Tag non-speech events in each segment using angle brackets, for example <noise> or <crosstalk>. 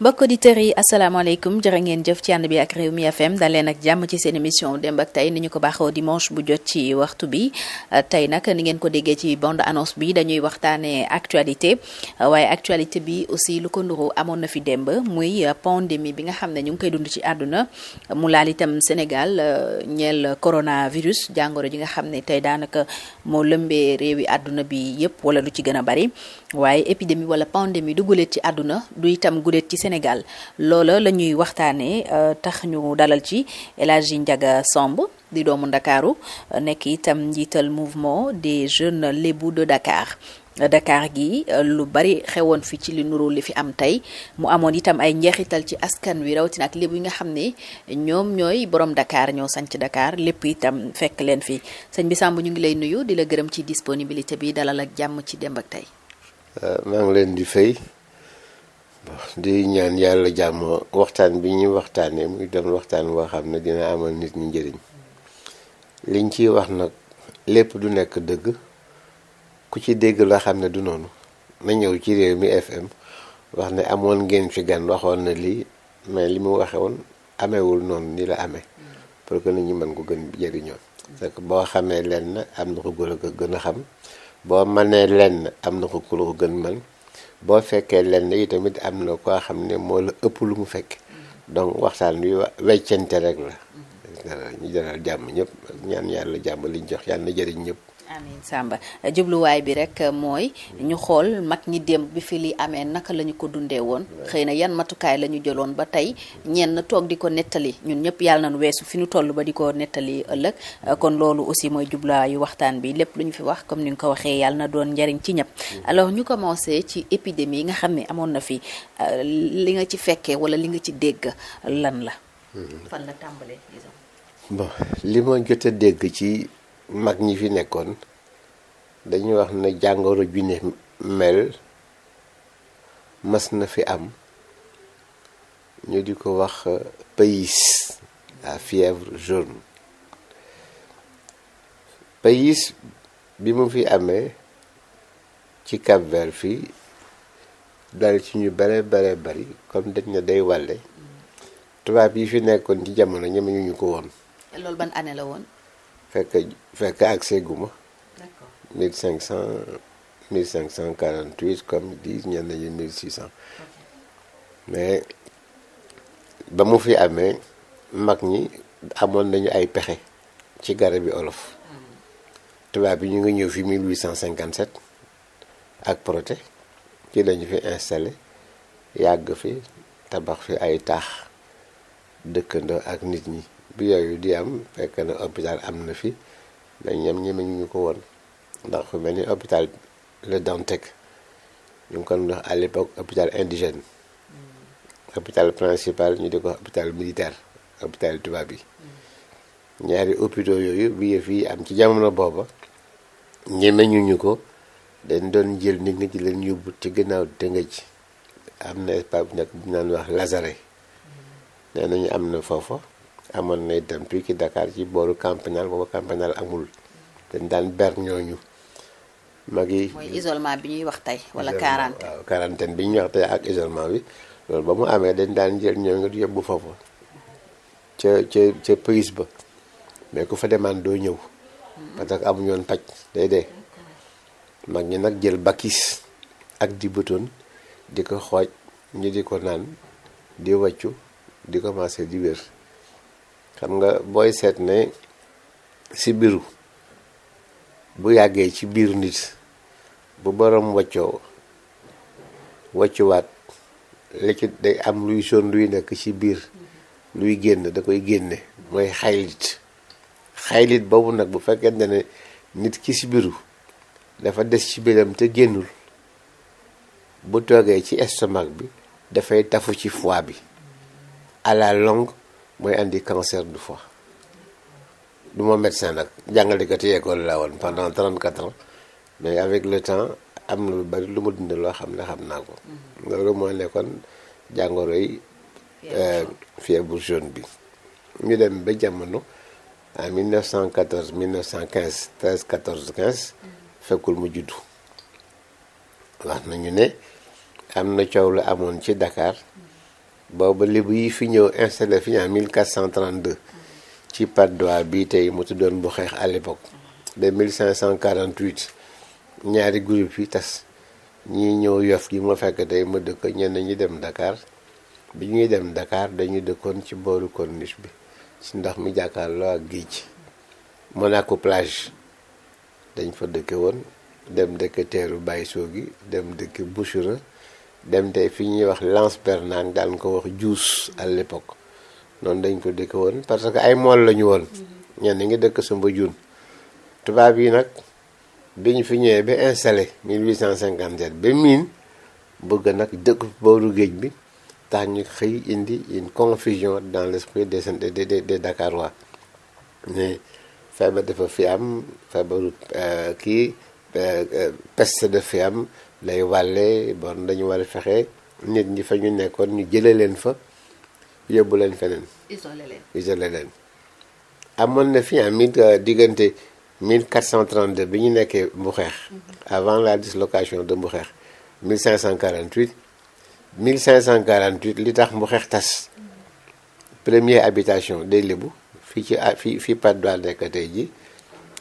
mbokk auditeurs yi asalaamaaleykum jërë ngeen jëf ci ànd bi ak réew mi FM dal leen ak jàmm ci seen émission démb ak tey ni ñu ko baaxoo dimanche bu jot ci waxtu bi euh, tey nag ni ngeen ko déggee ci bond annonce bi dañuy waxtaanee actualité euh, waaye actualité bi aussi lu ko nuru amoon na fi démb muy euh, pandémie bi nga xam ne ñu ngi koy dund ci àdduna mu laal itam Sénégal ñeel coronavirus jàngoro ji nga xam ne tey daanaka moo lëmbee réew yi àdduna bi yépp wala lu ci gën a bari waaye épidémie wala pandémie du guléet ci àdduna du itam guléet Sénégal loola la ñuy waxtaanee euh, tax ñu dalal ci El Hadji Ndiaga Samb di doomu Ndakaaru euh, nekk itam njiital mouvement de jeunes lébou de Dakar euh, Dakar gi lu bari xewoon fi ci li nuru li fi am tey mu amoon itam ay njeexital ci askan wi rawatina ak lébu yi nga xam ne ñoom ñooy borom Dakar ñoo sanc Dakar lépp itam fekk leen fi sëñ bi Samb ñu ngi lay nuyu di la gërëm ci disponibilité bi dalal ak jàmm ci démb ak tey. maa leen di fay. di ñaan yàlla jàmm waxtaan bi ñuy waxtaanee muy doon waxtaan woo xam ne dina amoon nit ñi njëriñ liñ ci wax nag lépp du nekk dëgg ku ci dégg la xam ne du noonu na ñëw ci réew mi FM wax ne amoon ngeen fi gan waxoon na lii mais li mu waxee amewul noonu ni la amee pour que nit ñu mën ko gën jëriñoo parce boo xamee lenn am na ko gën a xam boo mënee lenn am na ko ku la ko gën mën boo fekkee lenn yi tamit am na koo xam ne moo la ëpp lu mu fekk donc waxtaan wi wa weccante rek la mm-hmm. ñu dalal jàmm ñëpp ñaan yàlla jàmm liñ jox yàlla na jëriñ ñëpp amiin Samba jubluwaay bi rek mooy ñu xool mag ñi démb bi fi li amee naka la ko dundee woon xëy na yan matukaay la ñu jëloon ba tey ñenn toog di ko nettali ñun ñëpp yàlla nañu weesu fi ñu toll ba di ko nettali ëllëg kon loolu aussi mooy jubluwaayu waxtaan bi lépp lu ñu fi wax comme ni nga ko waxee yàlla na doon njariñ ci ñëpp mm. alors ñu commencé ci épidémie yi nga xam ni amoon na fi euh, li nga ci fekkee wala li nga ci dégg lan la mm-hmm. fan li ma jot dégg ci mag ñi fi nekkoon dañuy wax ne jàngoro ju ne mel mas na fi am ñu di ko wax euh, pays la fièvre jaune bi mu fi amee ci Cap Vert fii dal ci ñu bare bare bari comme dañ ne day wàlle tubaab yi fi nekkoon ci jamono ñeme ñu ñu ko woon. woon. fekk fekk accès gu ma. d'accord 1500 1548 comme dix ñenn ñi 1600. Okay. mais ba mu fi amee mag ñi amoon nañu ay pexe ci garabi olof. Hmm. tubaab bi ñu ngi ñëw fi 1857 ak proté ci lañu fi installé yàgg fi tabax fi ay taax dëkkandoo ak nit ñi. bi yooyu di am fekk na hôpital am na fi mais ñoom ñemeñu ñu ko woon ndax fu mel ni hôpital Le Dantec ñu ngi ko doon wax à l'époque hôpital indigène mm. hôpital principal ñu di ko hôpital militaire hôpital tubaab bi ñaari hôpitaux yooyu bi yëf yi am ci jamono booba ñemeñu ñu ko dañ doon jël nit ñi di leen yóbbu ci ginnaaw Tëngéej am na espace bu nekk bu wax lazaret mm. nee nañu am na foofa amoon na itam ki Dakar ci booru campagnol booba campagnol amul dañ daan ber ñooñu mag yi mooy isolement bi ñuy wax tey wala quarantaine bi ñu wax tey ak isolement bi loolu ba mu amee dañ daan jël ñoo nga yóbbu foofu ca ca ca prise ba mais ku fa demaan doo ñëw parce que amuñu woon paj day dee mag ñi nag jël bakis ak di bëtoon di ko xooj ñu di ko naan di wàccu di commencé di wér xam nga booy seet ne si biru bu yàggee ci biir nit bu borom waccoo waccuwaat li ci day am luy son luy nekk ci biir luy génn da koy génne mooy xaylit xaylit boobu nag bu fekkente ne nit ki si biru dafa des ci biram te génnul bu toogee ci estomac bi dafay tafu ci fois bi à longue mooy indi cancer du foie du ma médecin nag jàngalekati école laa woon pendant 34 ans mais avec le temps am na lu bari lu mu dund loo xam ne xam naa ko. loolu moo nekkoon jàngoro yi. fièvre jaune euh, bi. ñu dem ba jamono en 1914 1915 13 14 mu juddu wax nañu ne am na coow lu amoon ci dakaar booba lébu yi fi ñëw installé fi ñu en 1432 ci Padoa bii tey mu tuddoon bu xeex à l'époque de 1548 ñaari groupe yi tas ñii ñëw yof gi ma fekk tey ma dëkk ñenn ñi dem ndakaar bi ñuy dem ndakaar dañu dëkkoon ci booru corniche bi ci ndox mi jàkkaarloo ak géej Monaco plage dañ fa dëkke woon dem dëkk teeru Baye Sogi dem dëkk Bouchra dem tey fi ñuy wax lance Bernard daan ko wax juus à l'époque noonu dañ ko dëkk woon parce que ay mool la ñu woon ñenn ngi dëkk sumba jun tubaab yi nag bi ñu fi ñëwee ba installé 1857 ba miin bëgg nag dëkk booru géej bi tax ñu xëy indi une confusion dans l'esprit des des des Dakarois mais feebar dafa fi am feebaru euh, kii euh, euh, peste dafa fi am lay wàlle bon dañu war a fexe nit ñi fa ñu nekkoon ñu jële leen fa yóbbu leen feneen. isolé leen isolé leen. amoon na fi en mille euh, diggante 1432 bi ñu nekkee Mbuxeex. Mhm. avant la dislocation de Mbuxeex 1548 1548 li tax Mbuxeex tas mhm. première habitation des Lébu fii ci ah, fii fii Patte d'Oie nekk tey ji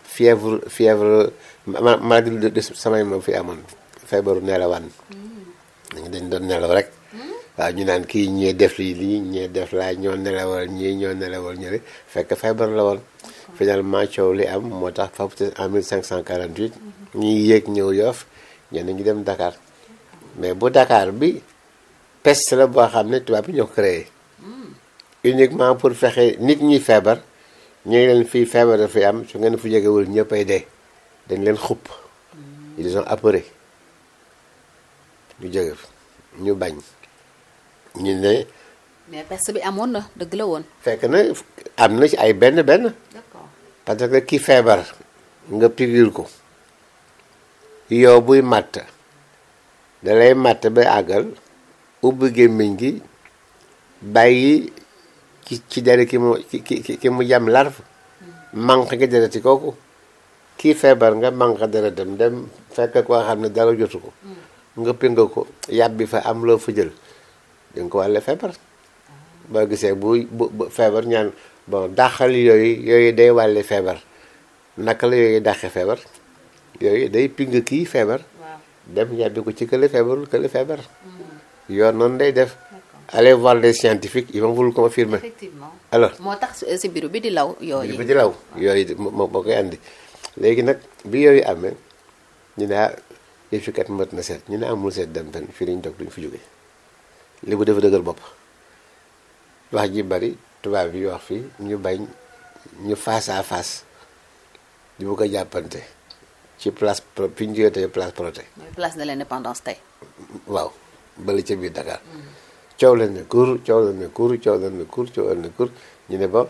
fièvre fièvre maladie de samay moom fi amoon. feebaru nelawaan dañu dañ doon nelaw rek waaw ñu naan kii ñee def lii lii ñee def laa ñoo nelawal ñii ñoo nelawal ñële fekk feebar la woon mm-hmm. finalement coow li am moo tax foofu en 1548 mm-hmm. ñuy yéeg ñëw Yoff ñenn ñi dem Dakar mais bu Dakar bi peste la boo xam ne tubaab bi ñoo créé mm. uniquement pour fexe nit ñi feebar ñu leen fii feebar dafay am su ngeen fu jegewul ñëppay dee dañ leen xupp mm. ils ont appareil ñu jóge fa ñu bañ ñu ne. mais peste bi amoon na dëgg la woon. fekk na am na ci ay benn benn. parce que ki feebar nga piqûre ko yow buy màtt da lay màtt ba àggal ubbi gémmiñ gi bàyyi ci ci dere ki mu ki ki mu jam larve hmm. manque gi dereti kooku kii feebar nga manque deretam dem fekk koo xam ne dara jotu ko. Hmm. nga nga ko yàbbi fa am loo fa jël da nga ko wàlle boo gisee bu bu feebar ñaan bon dàqal yooyu yooyu day wàlle feebar naka la yooyu feebar yooyu day ping kii feebar dem yàbbi ko ci kële feebarul kële feebar hmm. yoon noonu day def allez voir les scientifiques ils vont vous le confirmer effectivement alors moo tax euh, si biiru bi di law yooyu bi di law yooyu moo moo koy andi léegi nag bi yooyu amee yëpp ci kat mat na seet ñu ne amul seet dem fenn fii lañ dog duñ fi jóge li bu dafa dëgër bopp wax ji bari tubaab yi wax fii ñu bañ ñu face à face di bu ko jàppante ci place fi ñu jógee tey place Protet. mooy place de l'indépendance tey. waaw bala ca biir Dakar. coow leen ne kur coow la ne kur coow leen ne kur ñu ne ba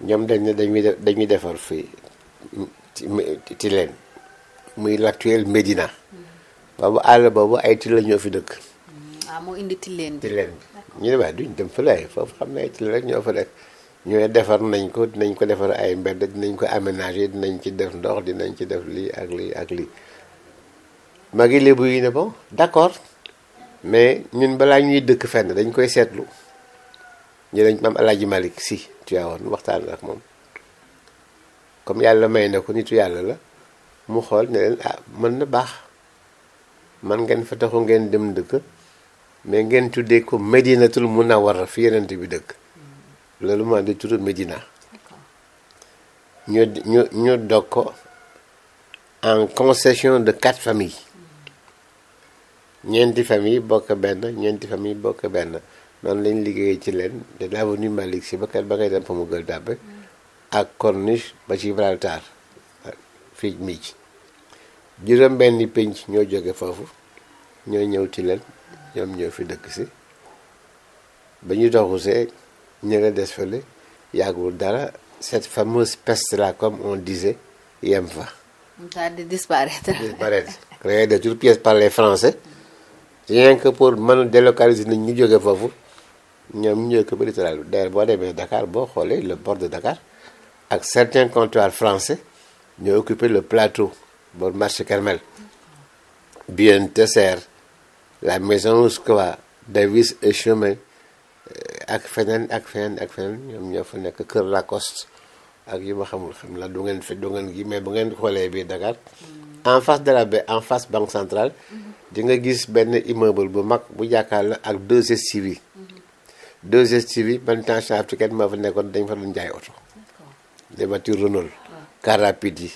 ñoom dañ ne dañuy defar fii ci leen. muy l'actuel Médina boobu àll boobu ay till la ñoo fi dëkk. waaw mm, ah, moo indi tilleen bi tilleen bi ñu ne waaye duñ dem fële foofu xam ne ay till rek ñoo fa def ñu defar nañ ko dinañ ko defar ay mbedd dinañ ko aménager dinañ ci def ndox dinañ ci def lii ak lii ak lii. magi lébu yi ne bon d'accord mais ñun balaa ñuy dëkk fenn dañ koy seetlu ñu dañ maam El Hadj si Tivaouane waxtaan ak moom comme yàlla may na ko nitu yàlla la. mu xool ne leen ah mën na baax man ngeen fa taxu ngeen dem dëkk mais ngeen tuddee ko Medinatul Munawwara fi yenent bi dëkk loolu maa di turu Medina ñu ñu ñu dog ko en concession de quatre familles ñeenti famille bokk benn ñeenti famille bokk benn noonu lañ liggéeyee ci leen de l'avenue Malick Sy ba kat ba ngay dem fa mu gël dàbbe ak corniche ba ci fii mii ci juróom benni pénc ñoo jóge foofu ñoo ñëw ci leen ñoom ñoo fi dëkk si ba ñu doxu see ñu nga des fële yàggul dara cette fameuse peste là comme on disait yem fa. daal di disparaître. <laughs> disparaître créé de toutes pièces par les français rien que pour mën a délocaliser nit ñu jóge foofu ñoom ñu jóge ba littoral bi d'ailleurs boo demee Dakar boo xoolee le port de Dakar ak certains comptoirs français. ñoo occupé le plateau bor marché Carmel bien Tesser la maison Ouskoa Davis et chemin euh, ak feneen ak feneen ak feneen ñoom ñoo fa nekk Kër Lacoste ak yu ma xamul xam la du ngeen fi du ngeen gi mais bu ngeen xoolee biir Dakar en face de la baie en face banque centrale di nga gis benn immeuble bu mag bu jàkkaarloo ak 2STV 2STV man tension africaine moo fa nekkoon dañ fa doon jaay oto des voitures Renault car rapide yi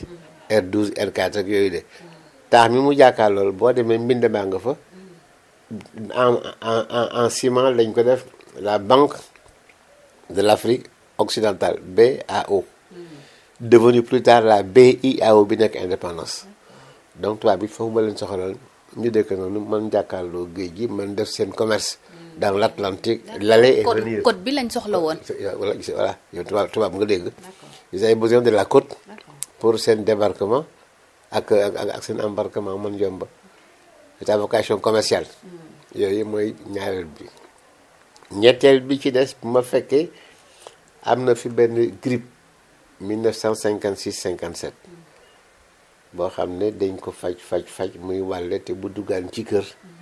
R12 R4 ak yooyu de taax mi mu jàkkaar loolu boo demee mbind maa nga fa en en en ciment lañ ko def la banque de l'Afrique occidentale BAO devenu plus tard la BIAO bi nekk indépendance donc tubaab bi foofu ma leen soxaloon ñu dëkk noonu man jàkkaarloo géej gi man def seen commerce dans l'Atlantique l'aller et venir bi lañ soxla woon voilà yow tubaab nga dégg ils avaient besoin de la côte pour seen débarquement ak ak ak seen embarquement mën yomb mm. yooyu mooy ñaareel bi. ñetteel bi ci des bu ma fekkee am na fi benn grippe 1956 57 mm. boo xam ne dañ ko faj faj faj muy wàlle te bu duggaan ci kër. Mm.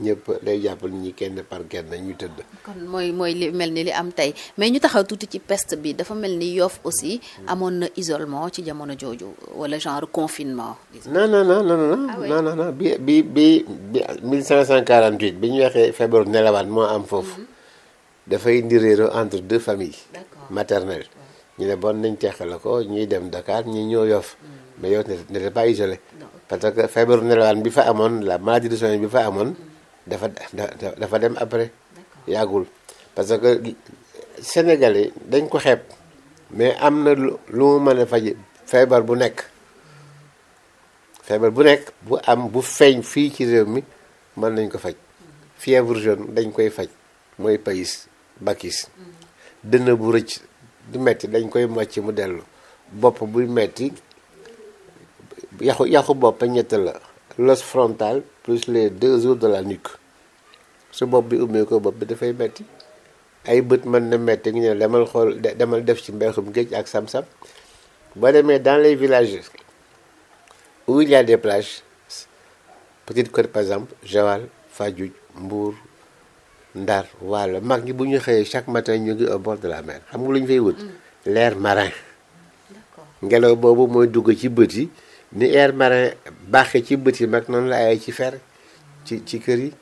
ñëpp day jàppal ñi kenn par kenn ñu tëdd. kon mooy mooy li mel ni li am tey mais ñu taxaw tuuti ci peste bi dafa mel ni Yoff aussi amoon na isolement ci jamono jooju wala genre confinement. non non non non non ah non non non bi bi bi bi 1548 bi ñu waxee feebaru nelawaan moo am foofu. Mhm. dafay indi réero entre deux familles. maternelles ñu ne bon nañ teqale ko ñuy dem Dakar ñi ñoo Yoff. Mhm. mais Yoff n'était pas isolé. parce que feebaru nelawaan bi fa amoon la maladie de sommeil bi fa amoon. Mhm. dafa dafa dem après yàggul parce que Sénégalais dañ ko xeeb mais am na lu mu mën a faj feebar bu nekk feebar bu nekk bu am bu feeñ fii ci réew mi mën nañ ko faj fièvre jaune dañ koy faj mooy payis bakis mm-hmm. dënn bu rëcc du metti dañ koy mocc mu dellu bopp buy metti yaxu yaxu bopp ñett la l'os frontal plus les deux os de la nuque su bopp bi ummee bopp bi dafay metti ay bët mën na metti ñu ne demal xool demal def ci mbeexum géej ak sam-sam boo demee dans les villages où il y a des plages Petite Côte par exemple Joal Fadiouth Mbour Ndar Waalo mag ñi bu ñu xëyee chaque matin ñu ngi au de la mer xam nga lu ñu fay wut mm. leer marin ngelaw boobu mooy dugg ci bët yi ni air marin baax ci bët yi mag noonu la ay ci fer ci ci kër yi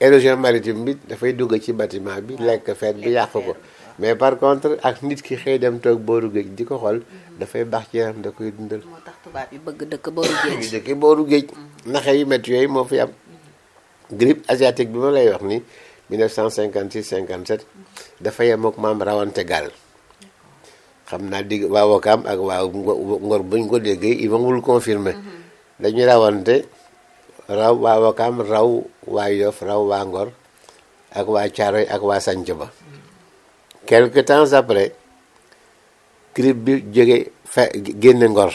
érosion maritime bi dafay dugg ci batiment bi lekk fer bi yàq ko mais par contre ak nit ki xëy dem toog booru géej di ko xool mm-hmm. dafay baax ci yaram da koy dundal. moo tax tubaab yi bëgg dëkk booru géej. dëkk mm-hmm. yooyu moo fi am mm-hmm. grippe asiatique bi ma lay wax ni 1956 57 dafa yem maam rawante gaal. xam naa digg waa Wakaam ak waa Ngor buñ ko déggee il wul confirmer dañuy rawante raw waa Wakaam raw waa Yoff raw waa Ngor ak waa Caaroy ak waa Sanc ba quelque temps après grippe bi jóge fa génne Ngor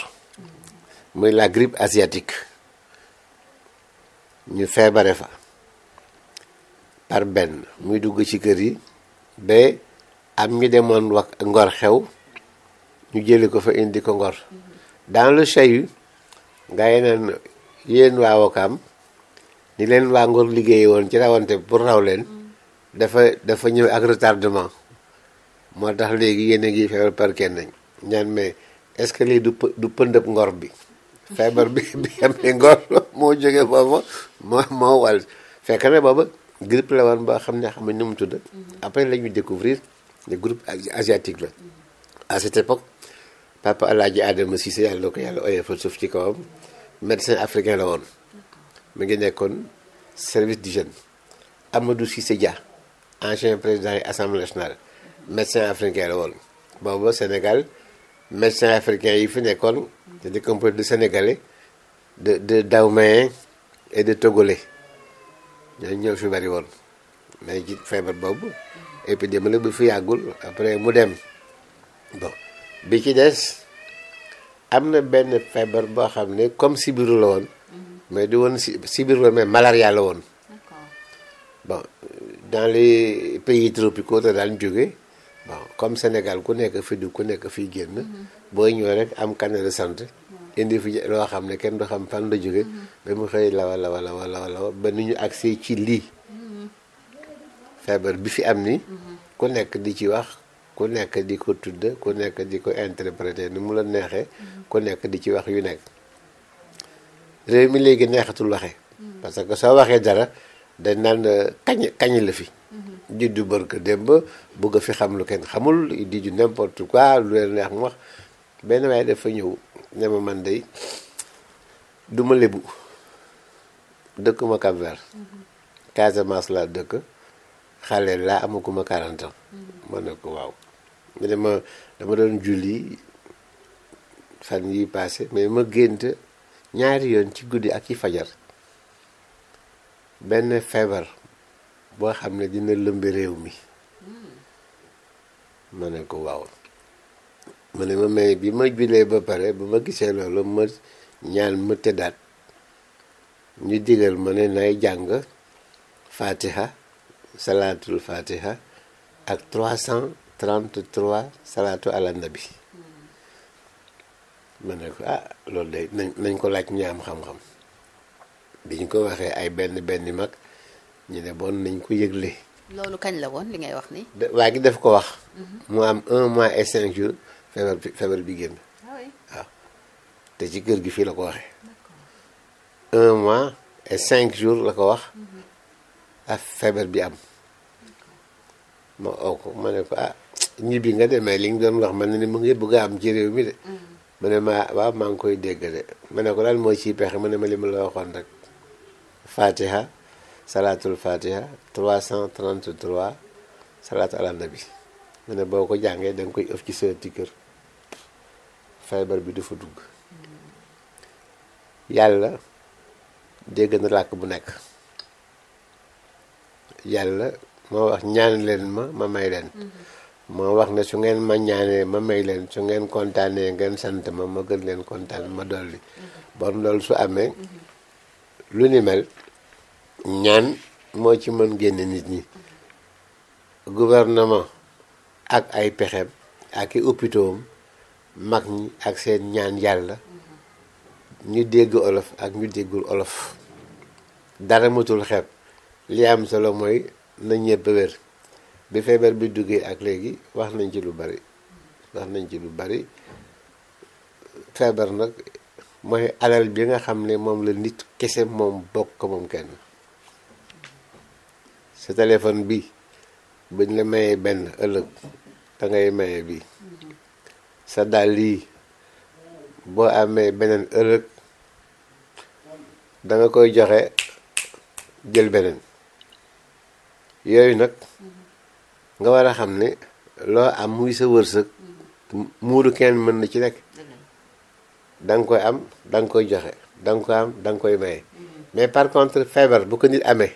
muy la grippe asiatique ñu feebare fa par benn muy dugg ci kër yi ba am ñu demoon Ngor xew ñu jëli ko fa indi ko Ngor dans le chahut gars yi naan yéen ni leen waa Ngor liggéey woon ci rawante pour raw leen dafa dafa ñëw ak retardement moo tax léegi yéen a ngi feebar par kenn ñaan mais est-ce que lii du du pëndëb Ngor bi feebar bi bi am ne Ngor moo jóge booba moo moo wal fekk na booba grippe la woon boo xam ne xamuñ nu mu tudd mhm. après la ñu découvrir ne groupe asiatique la à cette époque papa alaaji Adama Cissé yàlla na ko yàlla oyofal suuf ci kawam médecin africain la woon mu ngi nekkoon service du jeune Amadou Cissé en ancien président yi assemblée nationale médecin africain la woon boobu Sénégal médecin africain yi fi nekkoon c'était composé de sénégalais de de daoméen et de togolais ñooñu ñëw fi bari woon mais ci feebar boobu épidémie la bu fi yàggul après mu dem bon. bi ci des am na benn feebar boo xam ne comme sibiru la woon mhm. mais di woon sibiru la mais malaria la woon bon dans les pays tropicaux te daan jóge bon comme Sénégal ku nekk fi du ku nekk fiy génn mhm. booy ñëw rek am carnet de santé indi fi loo xam ne kenn du xam fan la jóge mhm. ba mu xëy lawa lawa lawa lawa lawa ba nu ñu accès ci lii feebar bi fi am ni ku nekk di ci wax ku nekk di ko tudd ku nekk di ko interpréter ni mu la neexee ku nekk di ci wax yu nekk réew mi léegi neexatul waxe parce que soo waxee dara dañ naan euh, kañ kañ la fi juddu bërk démb bëgg fi xam lu kenn xamul di ju n'importe quoi lu leen neex mu wax benn waaye dafa ñëw ne ma man day du ma dëkkuma Cap Vert Casamance laa dëkk xale laa amaguma 40 ans ma ne ko waaw nga dama doon julli fan yi paase mais ma gént ñaari yoon ci guddi ak ci fajar benn feebar boo xam ne dina lëmbi réew mi ma ne ko waaw ma ne ma may bi ma jullee ba pare ba ma gisee loolu ma ñaan ma tëddaat ñu digal ma ne nay jàng fatiha salaatul fatiha ak trois cent 33 salaatu ala bi ma ne ko ah loolu day nañ nañ ko laaj ñu am xam-xam bi ñu ko waxee ay benn benn mag ñu ne bon nañ ko yëgle. loolu kañ la woon li ngay wax ni waa gi daf ko wax. Mhm. mu am un mois et cinq jours feebar bi génn. Ah waaw te ci kër gi fii la ko waxee. un mois et cinq jours la ko wax. Mhm. ak ah, feebar bi am. ma oo ko ma ne ko ah. ñibbi nga demee li nga doon wax man ne ni mu ngi bëgg am ci mi de. mu mm. ne ma maa ngi koy dégg de ma ne ko lan mooy ciy pexe ma ne ma li ma la waxoon rek. Fatiha salaatul Fatiha 333 salaatu ala nabi mu ne boo ko jàngee da koy ëf ci sa ti feebar bi du fa dugg. Mm. yàlla dégg na làkk bu nekk yàlla moo wax ñaan leen ma ma may leen. Mm-hmm. moo wax ne su ngeen mañaanee ma may leen su ngeen kontaanee ngeen sant ma ma gën leen kontaan ma dolli bon loolu su amee lu ni mel ñaan moo ci mën génne nit ñi gouvernement ak ay pexeb ak i hôpitaux mag ñi ak seen ñaan yàlla ñu dégg olof ak ñu déggul olof dara matul xeeb li am solo mooy na ñëpp wér bi feebar bi duggee ak léegi wax nañ ci lu bari wax nañ ci lu bari feebar nag mooy alal bi nga xam ne moom la nit kese moom bokk ko moom kenn sa téléphone bi buñ la mayee benn ëllëg dangay maye bi sa dàll yi boo amee beneen ëllëg danga koy joxe jël beneen yooyu nag nga war a xam ne loo am muy sa wërsëg muuru kenn mën na ci nekk da nga koy am danga koy joxe da nga koy am da nga koy maye mais par contre feebar bu ko nit amee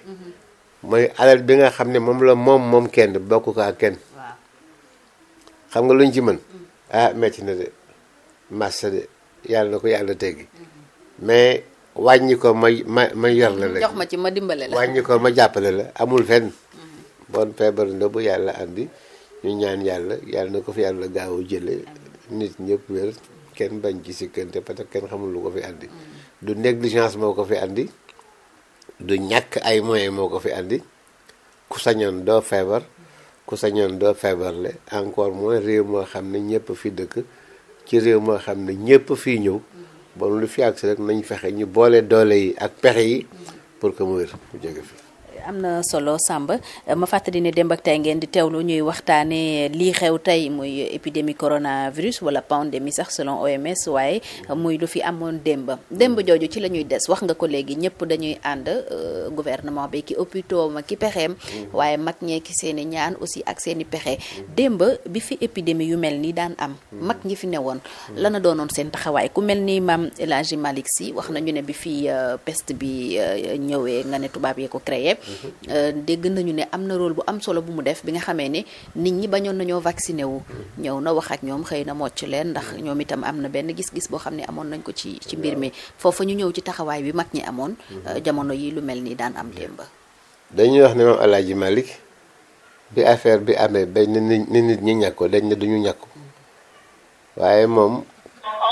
mooy alal bi nga xam ne moom la moom moom kenn bokk ko ak kenn xam nga luñ ci mën ah metti na de massa de yàlla na ko yàlla teggi mais wàññi ko ma ma ma yor la la jox ma ci ma dimbale la wàññi ko ma jàppale la amul fenn bon feebar na bu yàlla andi ñu ñaan yàlla yàlla na ko fi yàlla gaaw a jële nit ñëpp wér kenn bañ ci sikkante parce que kenn xamul lu ko fi andi mm. du négligence moo ko fi andi du ñàkk ay moye moo ko fi andi ku sañoon doo feebar ku sañoon doo feebarle encore moins réew moo xam ne ñëpp fi dëkk ci réew moo xam ne ñëpp fii ñëw bon lu fi agsi rek nañ fexe ñu boole doole yi ak pexe yi mm. pour que mu wér mu jóge fi am na solo Samba ma fàttali ne démb ak tey ngeen di teewlu ñuy waxtaanee lii xew tey muy épidémie coronavirus wala pandémie sax selon OMS waaye muy lu fi amoon démb démb jooju ci la ñuy des wax nga ko léegi ñëpp dañuy ànd euh, gouvernement bi ki hôpitaux ma ki pexeem mm-hmm. waaye mag ñee ki seen ñaan aussi ak seen i pexe démb bi fi épidémie yu mel nii daan am mm-hmm. mag ñi fi newoon mm-hmm. lana doonoon seen taxawaay ku mel nii maam El Hadji si wax nañu ne bi fi euh, peste bi euh, ñëwee nga ne tubaab yee ko créé Euh, dégg nañu ne am na rôle bu am solo bu mu def bi nga xamee ne nit ñi bañoon nañoo vacciné wu. ñëw na wax ak ñoom xëy na mocc leen ndax ñoom itam am na benn gis-gis boo xam ne amoon nañ ko ci ci mbir mi foofa ñu ñëw ci taxawaay bi mag ñi amoon. Euh, jamono yi lu mel nii daan am ba dañuy wax ne moom El Hadj Malick bi affaire bi amee bañ ni nit ñi ñàkk dañ ne duñu ñàkk waaye moom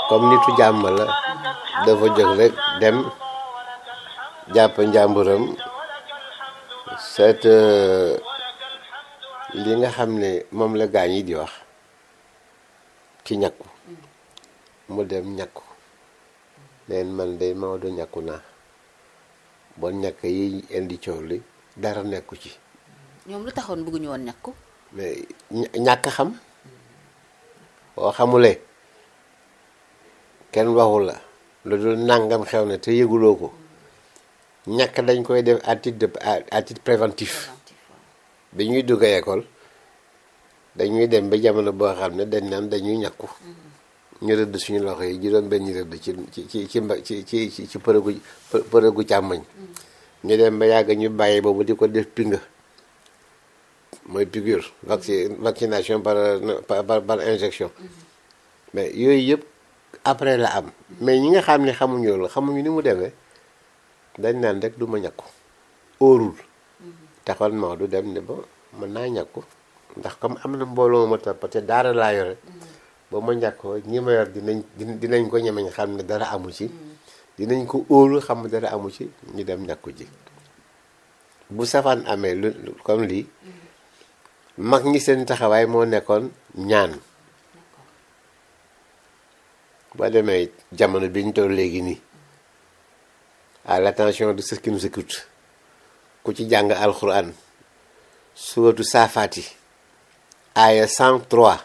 comme nitu jàmm la dafa jóg rek dem jàpp njàmburam. cette euh, li nga xam ne moom la gaañ yi di wax ci ñàkku mu dem ñakku neen man day Maodo ñàkku naa bon ñakk yi indi coow li dara nekku ci ñoom lu taxoon bëgguñu woon ñàkku mais ñàkk xam boo xamulee kenn waxu la lu dul nàngam xew na te yëguloo ko ñàkk dañ koy def à titre de à titre bi ñuy dugg école dañuy dem ba jamono boo xam ne dañ naan dañuy ñakku mm-hmm. ñu rëdd suñu loxo yi juróom benn ñu rëdd ci ci ci ci ci ci ci përëgu përëgu càmmoñ mm-hmm. ñu dem ba yàgg ñu bàyyi boobu di ko def pinga mooy piqûre mm-hmm. vaccin vaccination par par par injection mais yooyu yëpp après la am mais ñi nga xam ni xamuñu loolu xamuñu ni mu demee dañ naan rek du ma ñàkku óorul mm-hmm. taxal Maodo dem ne ba mën naa ñàkku ndax comme am na mbooloo ma topp te daara laa yore mm-hmm. ba ma ñàkkoo ñi ma yor dinañ dinañ ko ñemeñ xam ne dara amu ci mm-hmm. dinañ ko óolu xam ne dara amu ci ñu dem ñàkku ci bu safaan amee lu comme lii mag ñi seen taxawaay moo nekkoon ñaan boo demee jamono biñ toll léegi nii à l'attention de ceux qui ku ci jàng alxuraan suratu saafaati aaya 103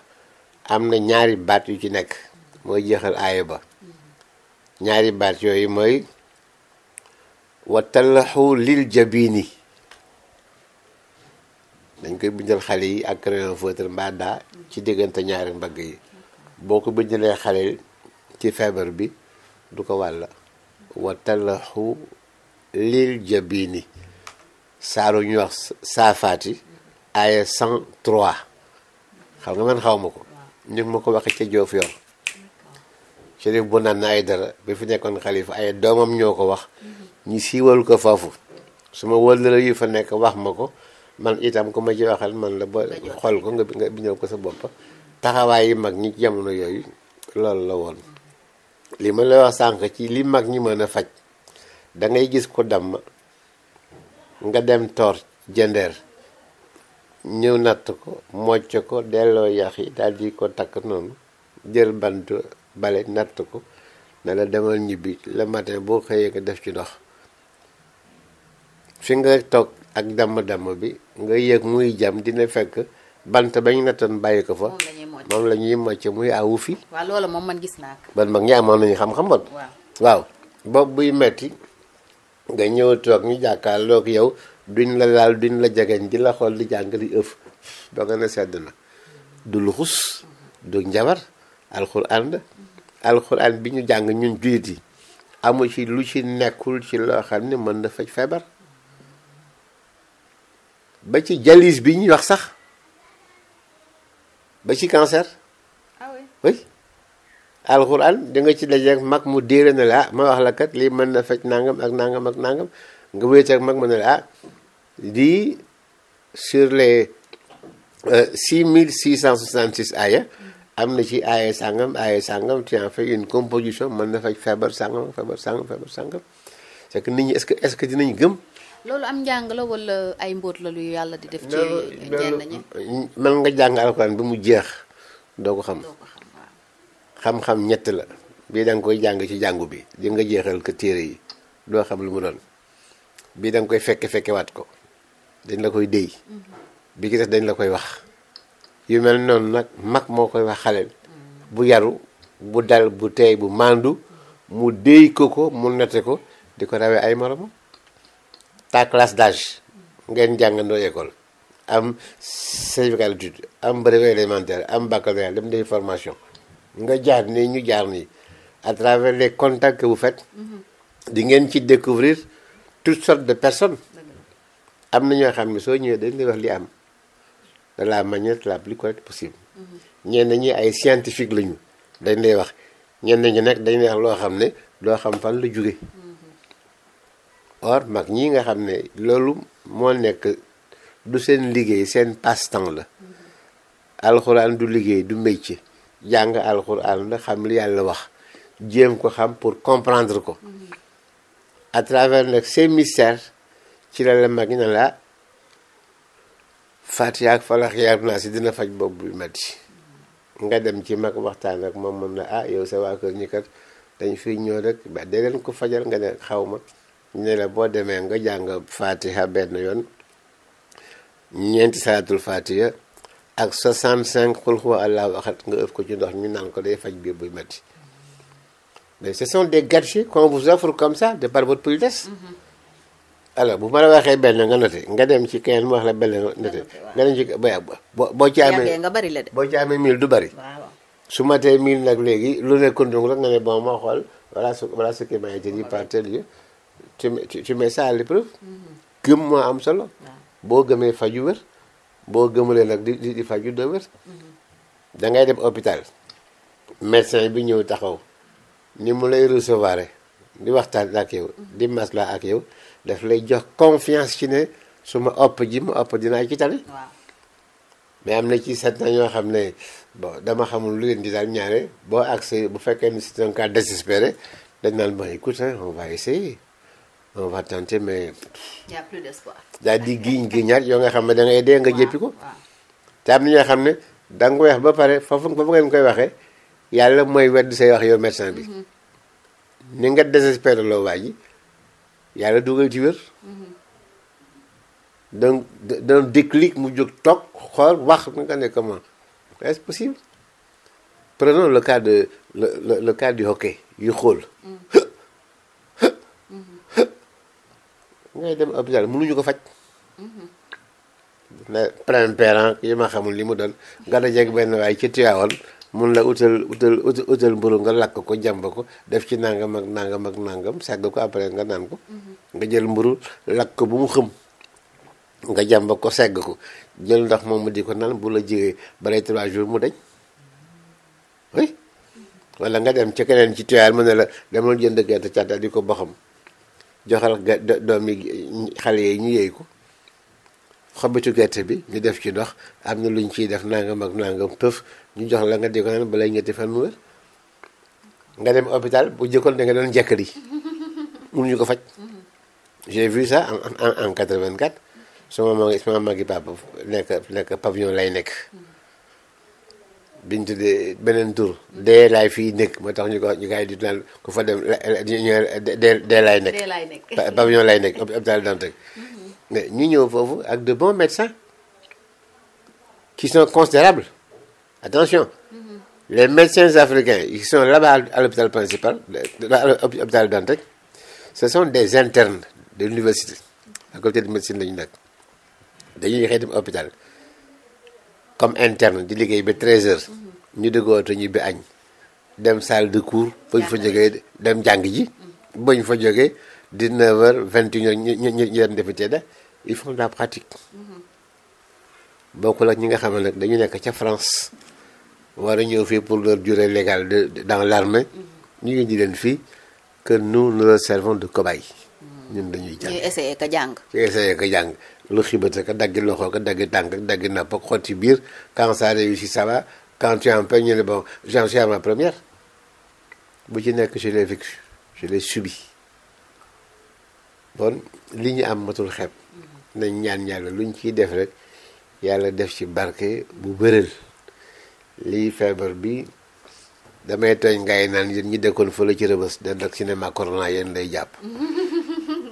am na ñaari baat yu ci nekk mooy jeexal aaya ba ñaari baat yooyu mooy wa tallaxu lil jabini dañ koy bindal xale yi ak crayon feutre mbaa ci diggante ñaari mbagg yi boo ko bindalee xale ci feebar bi du ko wàlla wa talaxu lil jabini saaru ñuy wax saafaati aaya 103 xam nga man xaw ma ko ñu ma ko waxee ca joof yor na Bounane Aïdara bi fi nekkoon xalifa ay doomam ñoo ko wax ñi siiwal ko foofu su ma wëllëra yu fa nekk wax ma ko man itam ku ma ci man la ba xool ko nga bi nga ñëw ko sa bopp taxawaay yi mag ñi jamono yooyu loolu la woon li ma la wax sànq ci li mag ñi mën a faj dangay gis ko damm nga dem toor jëndeer ñëw natt ko mocc ko delloo yax yi daal ko takk noonu jël bant bale natt ko ne la demal ñibbi le matin boo xëyee nga def ci ndox fi nga toog ak damm-damm bi nga yëg muy jam dina fekk bant bañ nattoon bàyyi ko fa moo moom la ñuy màcc muy awu fi. waaw moom man gis naa ko. ban mag ñi amoon xam-xam bon. waaw waaw bopp buy metti nga ñëw toog ñu jàkkaarloo yow duñ la laal duñ la jegeñ di la xool di jàngali ëf doo nga ne sedd na du luxus du njabar alxuraan alxuraan bi ñu jàng ñun jullit yi amu ci lu ci nekkul ci loo xam ne mën na feebar ba ci jalis bi ñuy wax sax ba ci cancer. ah oui oui. da nga ci dajeeg mag mu diire na la ah ma wax la kat lii mën na faj nangam ak nangam ak nangam nga wéeteeg mag mu ne la ah lii sur les 6666 euh, aaya am na ci aaya sàngam aaya sàngam tu en fais une composition mën na faj feebar sàngam feebar sàngam feebar sàngam c'est que nit ñi est-ce ce que dinañ gëm. loolu am njàng la wala ay mbóot la lu yàlla di def. ci ñenn ñi mën nga jàng alxuraan bi mu jeex doo ko xam. xam-xam ñett la bii da koy jàng ci jàngu bi di nga jeexal ko téere yi doo xam lu mu doon bii da koy fekke fekkewaat ko dañ la koy déy mm-hmm. bi ki des dañ la koy wax yu mel noonu nag mag moo koy wax xale mm-hmm. bu yaru bu dal bu teey bu màndu mu déy ko ko mu nette ko di ko rawee ay moromam ta classe d'âge ngeen jàngandoo école am certificat d'étude am brevet élémentaire am baccalauréat dem def formation nga jaar nii ñu jaar ni à travers les contacts que vous fet mhm. di ngeen ci découvrir toutes sortes de personnes am na ñoo xam ne soo ñëwee dañ lay wax li am de la manière la plus correcte possible mhm. ñenn ñi ay scientifique lañu dañ lay wax ñenn ñi nag dañ lay wax loo xam ne doo xam fan la jóge mhm. or mag ñi nga xam ne loolu moo nekk du seen liggéey seen passe la alxuraan du liggéey du métier jàng alxuraan la xam li yàlla wax jéem ko xam pour comprendre ko à travers nag ces mystères ci la la mag ñi ne la Fatiha ak Falaq yaar naa si dina faj bopp bi metti nga dem ci mag waxtaan ak moom mun na ah yow sa waa kër ñi kat dañ fiy ñëw rek ba leen ko fajal nga ne xaw ma ne la boo demee nga jàng fatiha benn yoon ñeenti salatul fatiha ak 65 qul huwa allahu ahad nga ëf ko ci ndox ñu naan ko day faj biir buy metti mais ce sont des gadgets qu'on vous mm-hmm. bu ma la waxee benn nga noté nga dem ci keneen mu wax la benn nga dem ci ba boo boo ci amee nga du bari. waaw su matee mille nag léegi lu nekkoon dugg rek nga ne bon moo xool voilà ce voilà ce qui m'a été tu tu tu mets ça à gëm moo am solo boo gëmee faju wér boo gëmulee nag di di faju doo wér mhm. da dem hôpital médecin bi ñëw taxaw ni mu lay recevoir di waxtaan ak yow mhm. di masla ak yow daf lay jox confiance ci ne su ma ëpp ji ma ëpp dinaa ci tane mais am na ci set na ñoo xam ne bon dama xamul lu leen di daal ñaare boo accès bu fekkee ni c'est un cas désespéré dañ naan bon écoute on va on va tenter mais. a plus d'espoir. daal di giñ giñaat yoo nga xam ne da ngay dee nga jéppi ko. te am na ñoo xam ne da nga koy wax ba pare foofu foofu ngeen koy waxee yàlla mooy wedd say wax yow médecin bi. Mhm. ni nga désespéré loo waa ji yàlla dugal ci wér. Mhm. donc d'un mu jóg toog xool wax ni nga ne comment est-ce possible. prenons le cas de le le, le cas du yu xool. Mhm. ngay dem hôpital mënuñu ko faj. ne plein yi ma xamul li mu doon nga dajeeg benn waay ci Tiwaawan mun la utal utal utal mburu nga lakk ko jàmb ko def ci nangam ak nangam ak nangam segg ko après nga naan ko. nga jël mburu lakk ko bu mu xëm. nga jàmb ko segg ko jël ndox moom mu di ko naan bu la jigee balay trois jours mu deñ oui. nga dem ci keneen ci Tiwaawan mu ne la demal jënd gerte caata di ko baxam joxal doom yi xale yi ñu yëy ko xobitu gerte bi ñu def ci ndox am na lu ñu ciy def nangam ak nangam pëf ñu jox la nga di ko naan balay ñetti fan mu wér nga dem hôpital bu jëkkoon da nga doon jekkali <laughs> mënuñu ko faj j'ai vu ça en en en 84 sama mag sama magi papa nekk nekk pavillon lay nekk. biñ tuddee beneen tur dee laay fii nekk moo tax ñu ko ñu koy di naan ku fa dem dee dee laay nekk. dee laay nekk pavillon laay nekk hôpital Dantec. Mhm. mais ñu ñëw foofu ak de bons médecins qui sont considérables attention. Mm -hmm. les médecins africains ils sont là-bas à l'hôpital principal hôpital Dantec ce sont des internes de l'université faculté de médecine la ñu nekk dañuy xeetam hôpital. comme interne di liggéey bi 13 ñu déggoo te ñibbi añ. dem salle de cours ba ñu fa jógee dem jàng ji. ba fa jóge di h 21h ñu ñu ñu leen député de ils font de pratique. bokkul ak ñi nga xam ne nag dañu nekk ca France. war ñëw fii pour leur durée légale de dans l' armée. Mhm. ñu ngi leen fii que nous nous servons de cobaye. ñu dañuy jàng ñuy essayé ka jàng. ci essayé ka jàng lu xibata ka daggi loxo ka daggi tànk ka daggi napp ak xotti biir quand ça si ça va quand tu en peins ñu ne bon j'en suis à ma première bu ci nekk je l'ai vécu je l'ai subi bon li ñu am matul xep nañ ñaan yàlla luñ ciy def rek yàlla def ci barke bu bëril lii feebar bi damay tooñ ngay naan yéen ñi dëkkoon fële ci rëbës da dak cinéma corona yéen lay jàpp <laughs>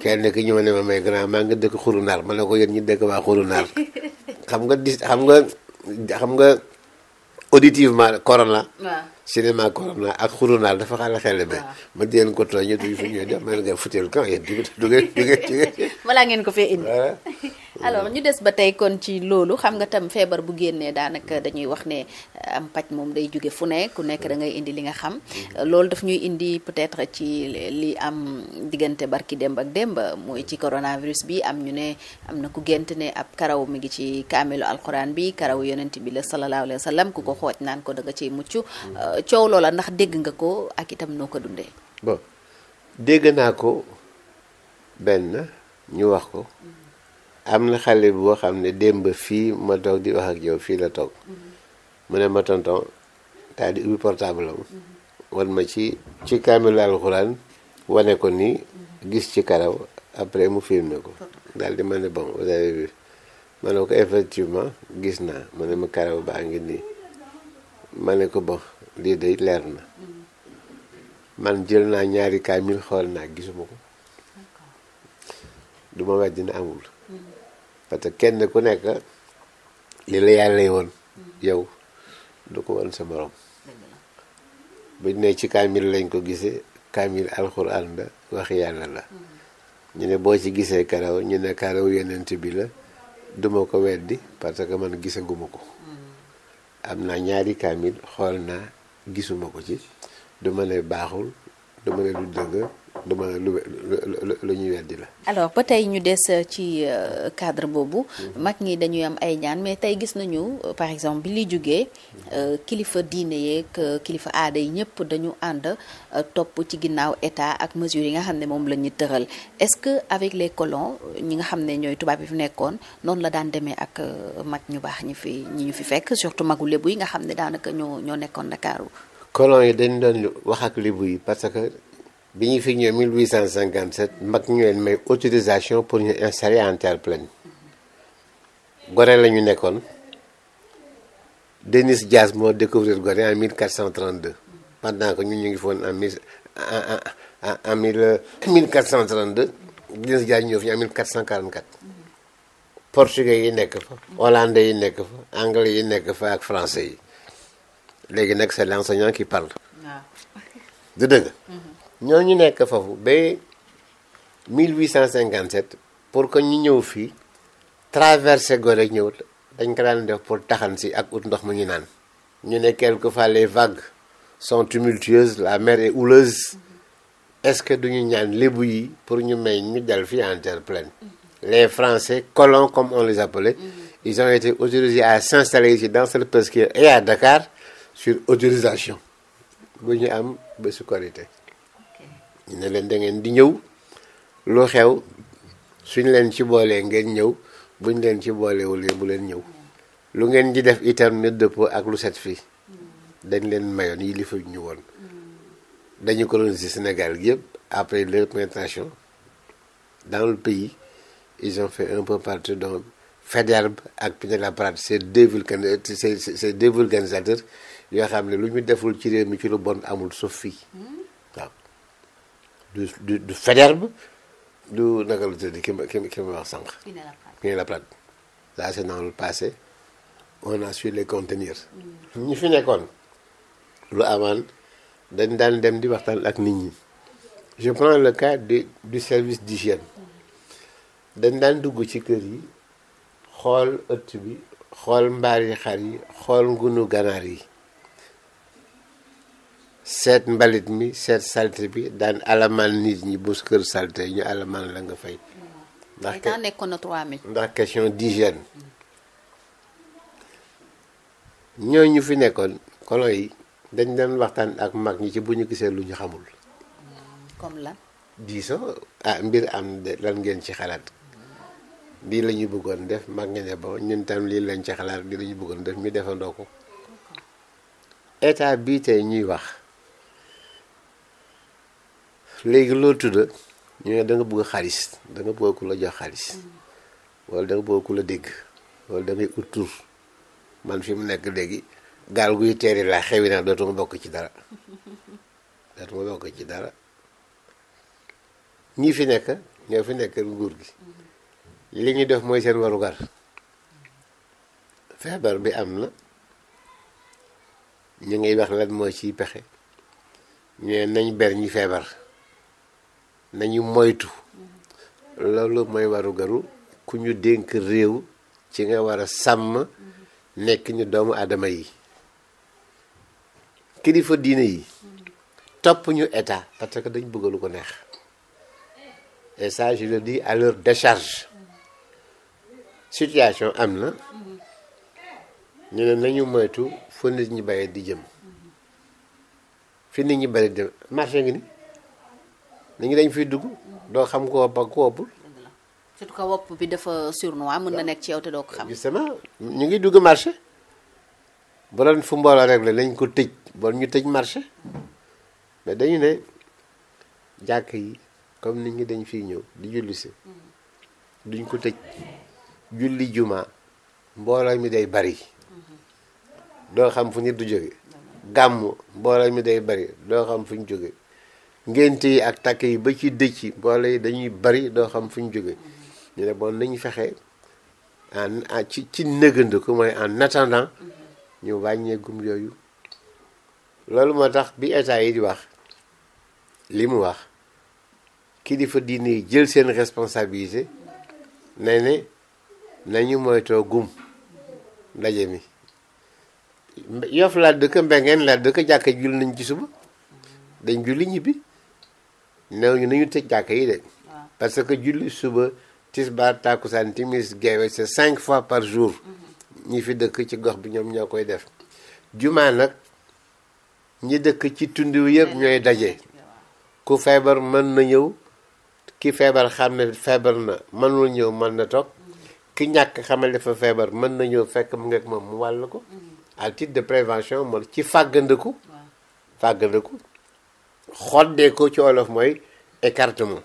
kenn ki ñëw ne ma may grand maa nga dëkk xuru naar ma ne ko yéen ñi dëkk waa xuru <laughs> xam nga dis xam nga xam nga auditivement corona. cinéma corona ak xurunaal dafa xaala xel be ma di leen ko tooñee du ñu fi ñëw def ma leen ngay futeel kan yéen du ngeen du ngeen du ngeen. ngeen ko fee indi. <laughs> alors ñu des ba tey kon ci loolu xam nga tam feebar bu génnee daanaka dañuy wax ne euh, am paj moom day jóge fu ne ku nekk da ngay indi li nga xam mm-hmm. loolu dafa ñuy indi peut-être ci li am diggante barki démb ak démb mooy ci coronavirus bi am ñu ne am na ku gént ne ab karaw mu ngi ci kaamilu alquran bi karaw yonent bi la sallallahu alayhi wa sallam ku ko xooj naan ko da nga ciy mucc mm-hmm. euh, coow loola ndax dégg nga ko ak itam noo ko dundee bon dégg naa ko benn ñu wax ko mm-hmm. am na xale boo xam ne démb fii ma toog di wax ak yow fii la toog mm-hmm. mu ne ma tonton daal di ubbi portable wan ma ci ci kaamil alxuraan wane ko ni mm-hmm. gis ci karaw après mu filmé ko daal di ma ne bon ma ne ko effectivement gis naa ma ne ma karaw baa ngi nii ne ko bon lii day leer na mm-hmm. man jël naa ñaari kaamil xool naa gisuma ko du ma wàjj na amul parce que kenn ku nekk li la yàlla woon yow du ko woon sa morom buñ ne ci kaamil lañ ko gisee kaamil alxuraan la yàlla la mm-hmm. ñu ne boo ci gisee karaw ñu ne karaw yonent bi la duma ko weddi parce que man gisaguma ko mm-hmm. am naa ñaari kaamil xool naa gisuma ko ci du ma ne baaxul dama ne lu lu lu ñuy weddi la. alors ba tey ñu des euh, ci euh, cadre boobu. Mhm. mag ñi dañuy am ay ñaan mais tey gis nañu euh, par exemple bi li jógee kilifa diine yeeg kilifa aada yi ñëpp dañu ànd topp ci ginnaaw état ak mesures yi nga xam ne moom la ñu tëral est-ce que avec les colons ñi nga xam ne ñooy tubaab yi fi nekkoon noonu la daan demee ak mag ñu baax ñi fi ñi ñu fi fekk surtout magu lébu yi nga xam ne daanaka ñoo ñoo nekkoon Ndakaaru. colon yi dañ doon wax ak lébu yi parce que bi ñu fi ñëw 1857 mag ñu leen may autorisation pour ñu installer en terre pleine Gorée la ñu nekkoon Denis Diaz moo découvrir Gorée en 1432 pendant ko ñu ñu ngi foon en mille en mille 1432 Denis Diaz ñëw fi en 1444 portugais yi nekk fa hollandais yi nekk fa anglais yi nekk fa ak français yi léegi nag c'est l'enseignant qui parle. waaw. Ah. <laughs> du dëgg. Mhm. ñooñu nekk foofu ba 1857 pour que ñu ñëw fii traversé Gorée ñëw dañ ko daan def pour taxan si ak ut ndox mu ñu naan. ñu ne quelquefois les vagues sont tumultueuses la mer est houleuse. Mhm. est-ce que duñu ñaan lébu yi pour ñu may ñu dal fii en terre pleine. Mhm. les Français colons comme on les appelait. ils ont été autorisés à s'installer ici dans cette presqu'île et à Dakar. sur autorisation bu ñu am bésu korité ñu ne leen da ngeen di ñëw lu xew suñ leen ci boolee ngeen ñëw buñ leen ci boolewulee bu leen ñëw lu ngeen di def itam ne dëppoo ak lu set fii hmm. dañ leen mayoon yi li fa ñu woon hmm. dañu coloniser Sénégal gi yëpp après leur pénétration dans le pays ils ont fait un peu partout donc Faidherbe ak Pinet-Laprade ces deux yi xam ne lu ñu deful ci mi ci lu bon amul suuf fii waaw du du du Faidherbe du naka la sànq. Pinet-Laprade là c'est dans les contenir. Mm. ñi fi nekkoon lu amaan dañ daan dem di waxtaan ak nit ñi. je prends le cas di du service d'hygiène mm. dañ daan dugg ci kër yi xool ëtt bi xool mbaari xar yi xool ngunu ganaar yi seet mbalit mi seet salit bi daan alamaan nit ñi bu kër yi ñu alamaan la nga fay. ndax daa nekkoon na 3000. ndax question d'hygiène ñoo ñu fi nekkoon colon yi dañ doon waxtaan ak mag ñi ci bu ñu gisee lu ñu xamul. comme lan. diisoo ah mbir am de lan ngeen ci xalaat lii la ñu bëggoon def mag ñi ne ba ñun tam lii lañ ci xalaat lii la ñu bëggoon def ñu defandoo ko état bii tey ñuy wax. léegi loolu tudd ñu ne da nga bëgg xaalis da nga bëgg ku la jox xaalis wala da nga bëgg ku la dégg wala da ngay man fi mu nekk léegi gaal guy teeri laa xewi naa dootuma bokk ci dara dootuma bokk ci dara ñi fi nekk ñoo fi nekk nguur gi li ñu def mooy seen warugar feebar bi am na ñu ngi wax lan mooy ciy pexe ñu nañ ber ñi feebar nañu moytu loolu mooy waru ku ñu dénk réew ci nga war a sàmm nekk ñu doomu aadama yi kilifa diine yi topp ñu état parce que dañ bëgg lu ko neex et ça je le dis à leur décharge situation am na ñu ne nañu moytu fu nit ñi bàyyi di jëm fi nit ñi bari dem marché ngi ni nit ñi dañ fiy dugg doo xam ko wopp ak ko woppul. surtout que wopp bi dafa mën na nekk ci yow te doo ko xam. justement ñu ngi dugg marché bu doon fu mbooloo rek lañ ko tëj ba ñu tëj marché mais dañu ne jàkk yi comme nit ñi dañ fi ñëw di julli si mm-hmm. duñ ko tëj julli juma mbooloo mi day bari mm-hmm. doo xam fu nit du jóge gàmm mbooloo mi day bari doo xam fu ñu jóge ngénte yi ak takk yi ba ci dëj yi mboole yi dañuy bari doo xam fu ñu jóge ñu ne bon nañu fexe ci ci nëgandiku mooy en attendant ñu wàññee gum yooyu loolu moo tax bi état yi di wax li mu wax kilifa diine yi jël seen responsabilité ne ne nañu moytoo gum ndaje mi Yoff laa dëkk Mbengeen laa dëkk jàkka jul nañ ci suba dañ julli ñibbi néew ñu nañu tëj jàkka yi de parce que julli suba tisbaar tàkkusaan timis geewe c'est cinq fois par jour mm-hmm. ñi fi dëkk ci gox bi ñoom ñoo koy def jumaa nag ñi dëkk ci tund wi yëpp ñooy daje ku feebar mën na ñëw ki feebar xam ne feebar na mënul ñëw mën na toog mm-hmm. ki ñàkk xamal dafa feebar mën na ñëw fekk mu ngeeg moom mu wàll ko mm-hmm. à titre de prévention mooy ci fàggandiku fàggandiku de ko ci wolof mooy écartement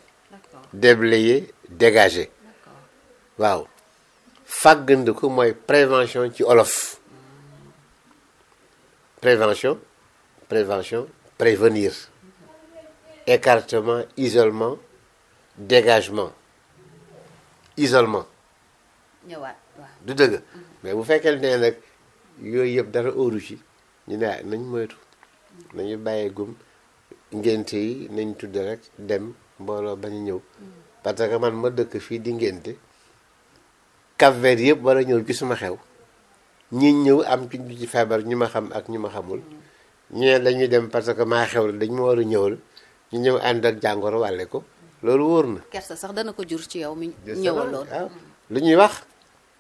déblayer dégager waaw fàggandiku mooy prévention ci wolof prévention prévention prévenir écartement isolement dégagement isolement du dëgg mais bu fekkee ne nag yooyu yëpp dara óoru ci ñu ne ah nañ moytu nañu bàyyee gum ngénte yi nañ tudd rek dem mbooloo bañ a ñëw parce que man ma dëkk fii di ngénte Cap-Vert yëpp war a ñëw ci suma xew ñii ñëw am ci ci feebar ñu ma xam ak ñu ma xamul ñee dañuy dem parce que ma xew la dañ ma war a ñëwal ñu ñëw ànd ak jàngoro wàlle ko loolu wóor na. kersa sax dana ko jur ci yow mi ñëwal loolu ah, lu ñuy wax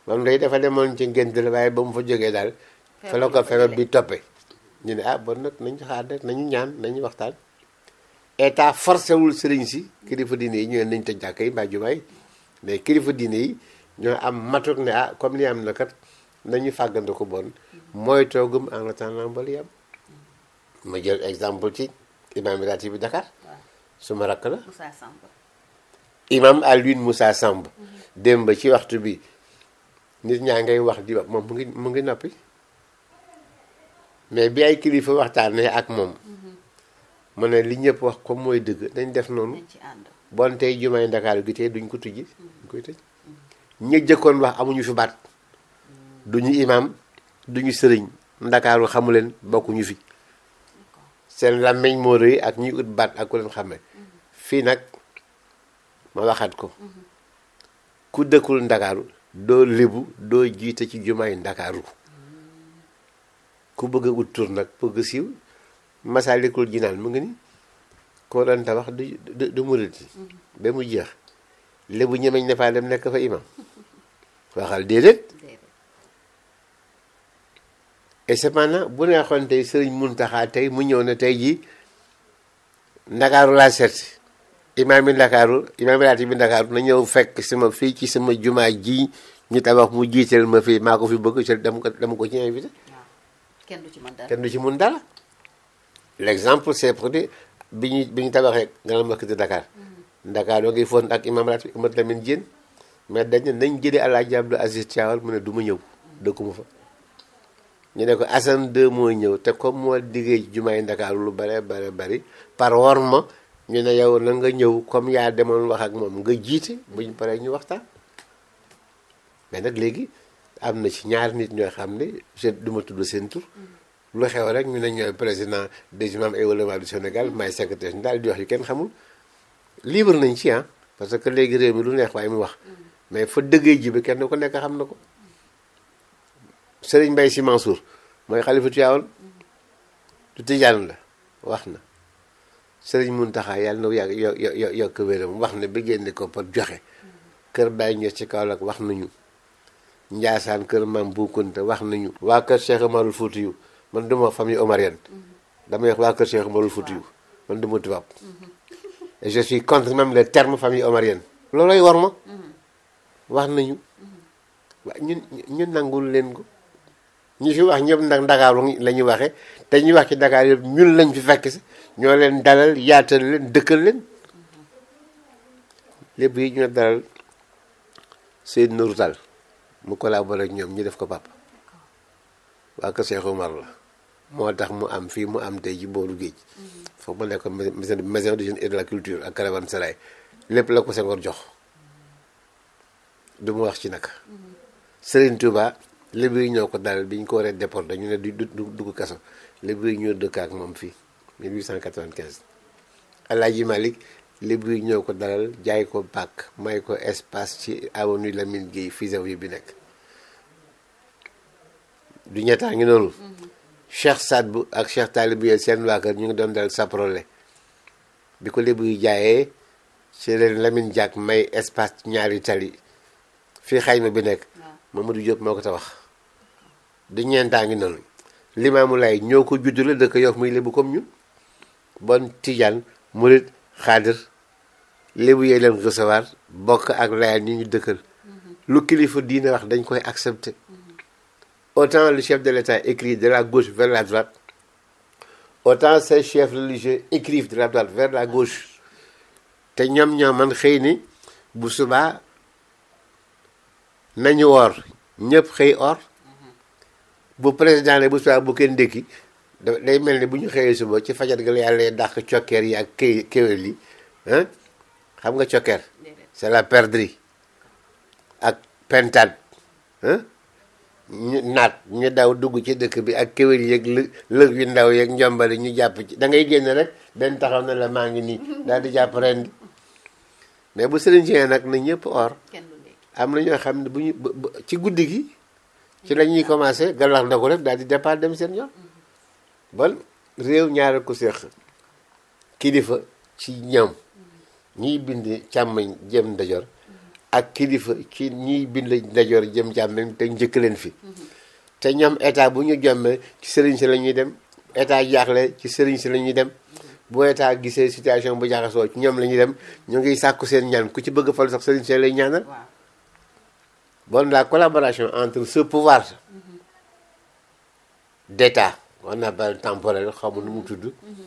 moom day dafa demoon ci ngénte la waaye ba mu fa jógee daal fa la ko feebar bi toppe ñu ne ah bon nag nañu xaar rek nañu ñaan nañu waxtaan état forcé wul sëriñ si kilifa diine yi ñëwee nañ tëj jàkka yi mbaa jumaay mais kilifa diine yi ñoo am matuk ne ah comme li am na kat nañu fàggante ko bon mooy toogum en attendant ba ma jël exemple ci imam ratib bi Dakar suma rakk la. Moussa Samb. imam Alioune Moussa Samb. démb ba ci waxtu bi nit ñaa ngay wax di wax moom mu ngi noppi mais bi ay kilifa waxtaanee ak moom. Mm-hmm. mu ne li ñëpp wax comme mooy dëgg dañ def noonu bon tey jumaay ndakaaru gi tey duñ ko tijji mm. duñ jëkkoon wax amuñu fi baat mm. duñu imaam duñu sëriñ ndakaaru xamu leen bokkuñu fi seen làmmiñ moo rëy ak ñuy ut baat ak ku leen xame mm. fii nag ma waxaat ko mm-hmm. ku dëkkul ndakaaru doo lébu doo jiite ci jumaay ndakaaru ku bëgg a ut tur nag bëgg siiw Masaalikul Jinaan mu ngi ni koo daan tabax du du du murit mm-hmm. ba mu jeex lébu ñemeñ ne faa dem nekk fa imam waxal déedéet bu neexoon tey sëriñ Muntaxa tey mu ñëw na tey jii ndakaaru laa seet imaam yi ndakaaru imaam raati bi ndakaaru na ñëw fekk sama fii ci sama jumaa ji ñu tabax mu jiiteel ma fii maa ko fi bëgg ci dama ko dama ko ci invité kenn du ci mën dara kenn du ci mën dara l' exemple c' est bi ñu bi ñu tabaxee Grande Mosquée de Dakar. Mm-hmm. Dakar doo ngi foon ak imam ratib Amadou tamit Diène mais dañ ne nañ jëlee Alaaji Abdou Aziz Thiawal mu ne du ma ñëw dëkkuma fa. ñu ne ko Assane 2 mooy ñëw te comme moo liggéey jumaay Dakar lu bare bare bari par worma ñu ne yaw na nga ñëw comme yaa demoon wax ak moom nga jiite buñ paree ñu waxtaan. mais nag léegi am na ci ñaar nit ñoo xam ne je du ma tudd seen tur. Mm-hmm. lu xew rek ñu ne ñooy président des imams et oulémas du Sénégal maay secrétaire daal di wax yu kenn xamul libre nañ ci ah parce que léegi réew mi lu neex waaye mu wax mais fa dëggee ji bi kenn ko nekk xam na ko Serigne Mbaye Sy Mansour mooy xalifa la wax na Serigne Mountakha yàlla na yàgg yo yo yokk wéram wax na bi génne ko par joxe kër Baye Niass ci Kaolack wax nañu Njaasaan kër Maam Bu wax nañu waa kër Cheikh Omarul Foutiyou man duma famille omarienne damay wax waa Kër Cheikh Umarul Foutiou man duma tubaab mhm. et je suis contre même le terme famille omarienne loolooy war ma mhm. wax nañu mhm. waa ñu nangul leen ko ñi fi wax ñëpp nag ndakaaru la ñuy waxee te ñuy wax ci Dakar yëpp ñun lañ fi fekk si ñoo leen dalal yaatal leen dëkkal leen lépp yi ñu dalal Seydou Nourou Tall mu collaboré ak ñoom ñu def ko papa waa Kër Cheikh Omar la moo tax mu am fii mu am tey ji booru géej foofu ma nekkoon maison de jeune et de la culture ak Caravansérail lépp la ko Senghor jox du mu wax ci nag Serigne Touba lébu yi ñoo ko daal bi ñu ko waree déporté ñu ne du dugg kaso lébu yi ñoo dëkk ak moom fii 1895 Alaaji Malick lébu yi ñoo ko dalal jaay ko pàkk may ko espace ci avenue Lamine Guèye yi bi nekk du ñettaa ngi noonu cheikh Sadbu ak cheikh Talibiya seen waa ñu ngi doon dal saprole bi ko lébu yu jaayee ci leen Lamine Diack may espace ñaari tali fii xayma bi nekk Mamadou Diop moo ko tabax du ñeentaa ngi noonu limaamu lay ñoo ko juddu la dëkk Yoff muy lébu comme ñun bon Tijaan murit xaadir lébu yee leen recevoir bokk ak layaan ñi ñu dëkkal mhm. lu kilifa diine wax dañ koy accepté Autant le chef de l'État écrit de la gauche vers la droite, autant ces chefs religieux écrivent de la droite vers la gauche. te ñoom ñoo man xëy ni bu subaa nañu woor ñëpp xëy or bu président ne bu subaa bu kenn ndékki day mel ni buñu ñu suba ci fajar ga la yàlla dàq cokkeer yi ak kay kéwél yi ah xam nga cokkeer c'est la perdrix ak pentade naat ñu daw dugg ci dëkk bi ak kéwél yeeg lë lëg yu ndaw yeeg njombali ñu jàpp ci da ngay génn rek benn taxaw na la maa ngi nii daal di jàpp ren mais bu sëriñ si nag na ñëpp or am na ñoo xam ne bu ñu ci guddi gi ci la ñuy commencé galax na rek daal di départ dem seen yoon bon réew ñaari ku séq kilifa ci ñoom ñiy bind càmmoñ jëm ndajoor ak kilifa ci ñiy bind ndajoor jëm càmmeñ te njëkk leen fi te ñoom état bu ñu jommee ci sëriñ si la ñuy dem état jaaxle ci sëriñ si la ñuy dem bu état gisee situation bu jaxasoo ci ñoom la ñuy dem ñu ngi sàkku seen ñaan ku ci bëgg fal sax sëriñ si lay ñaanal bon la collaboration entre ce pouvoir mm-hmm. d'état on appelle temporel xamu nu mu tudd mm-hmm.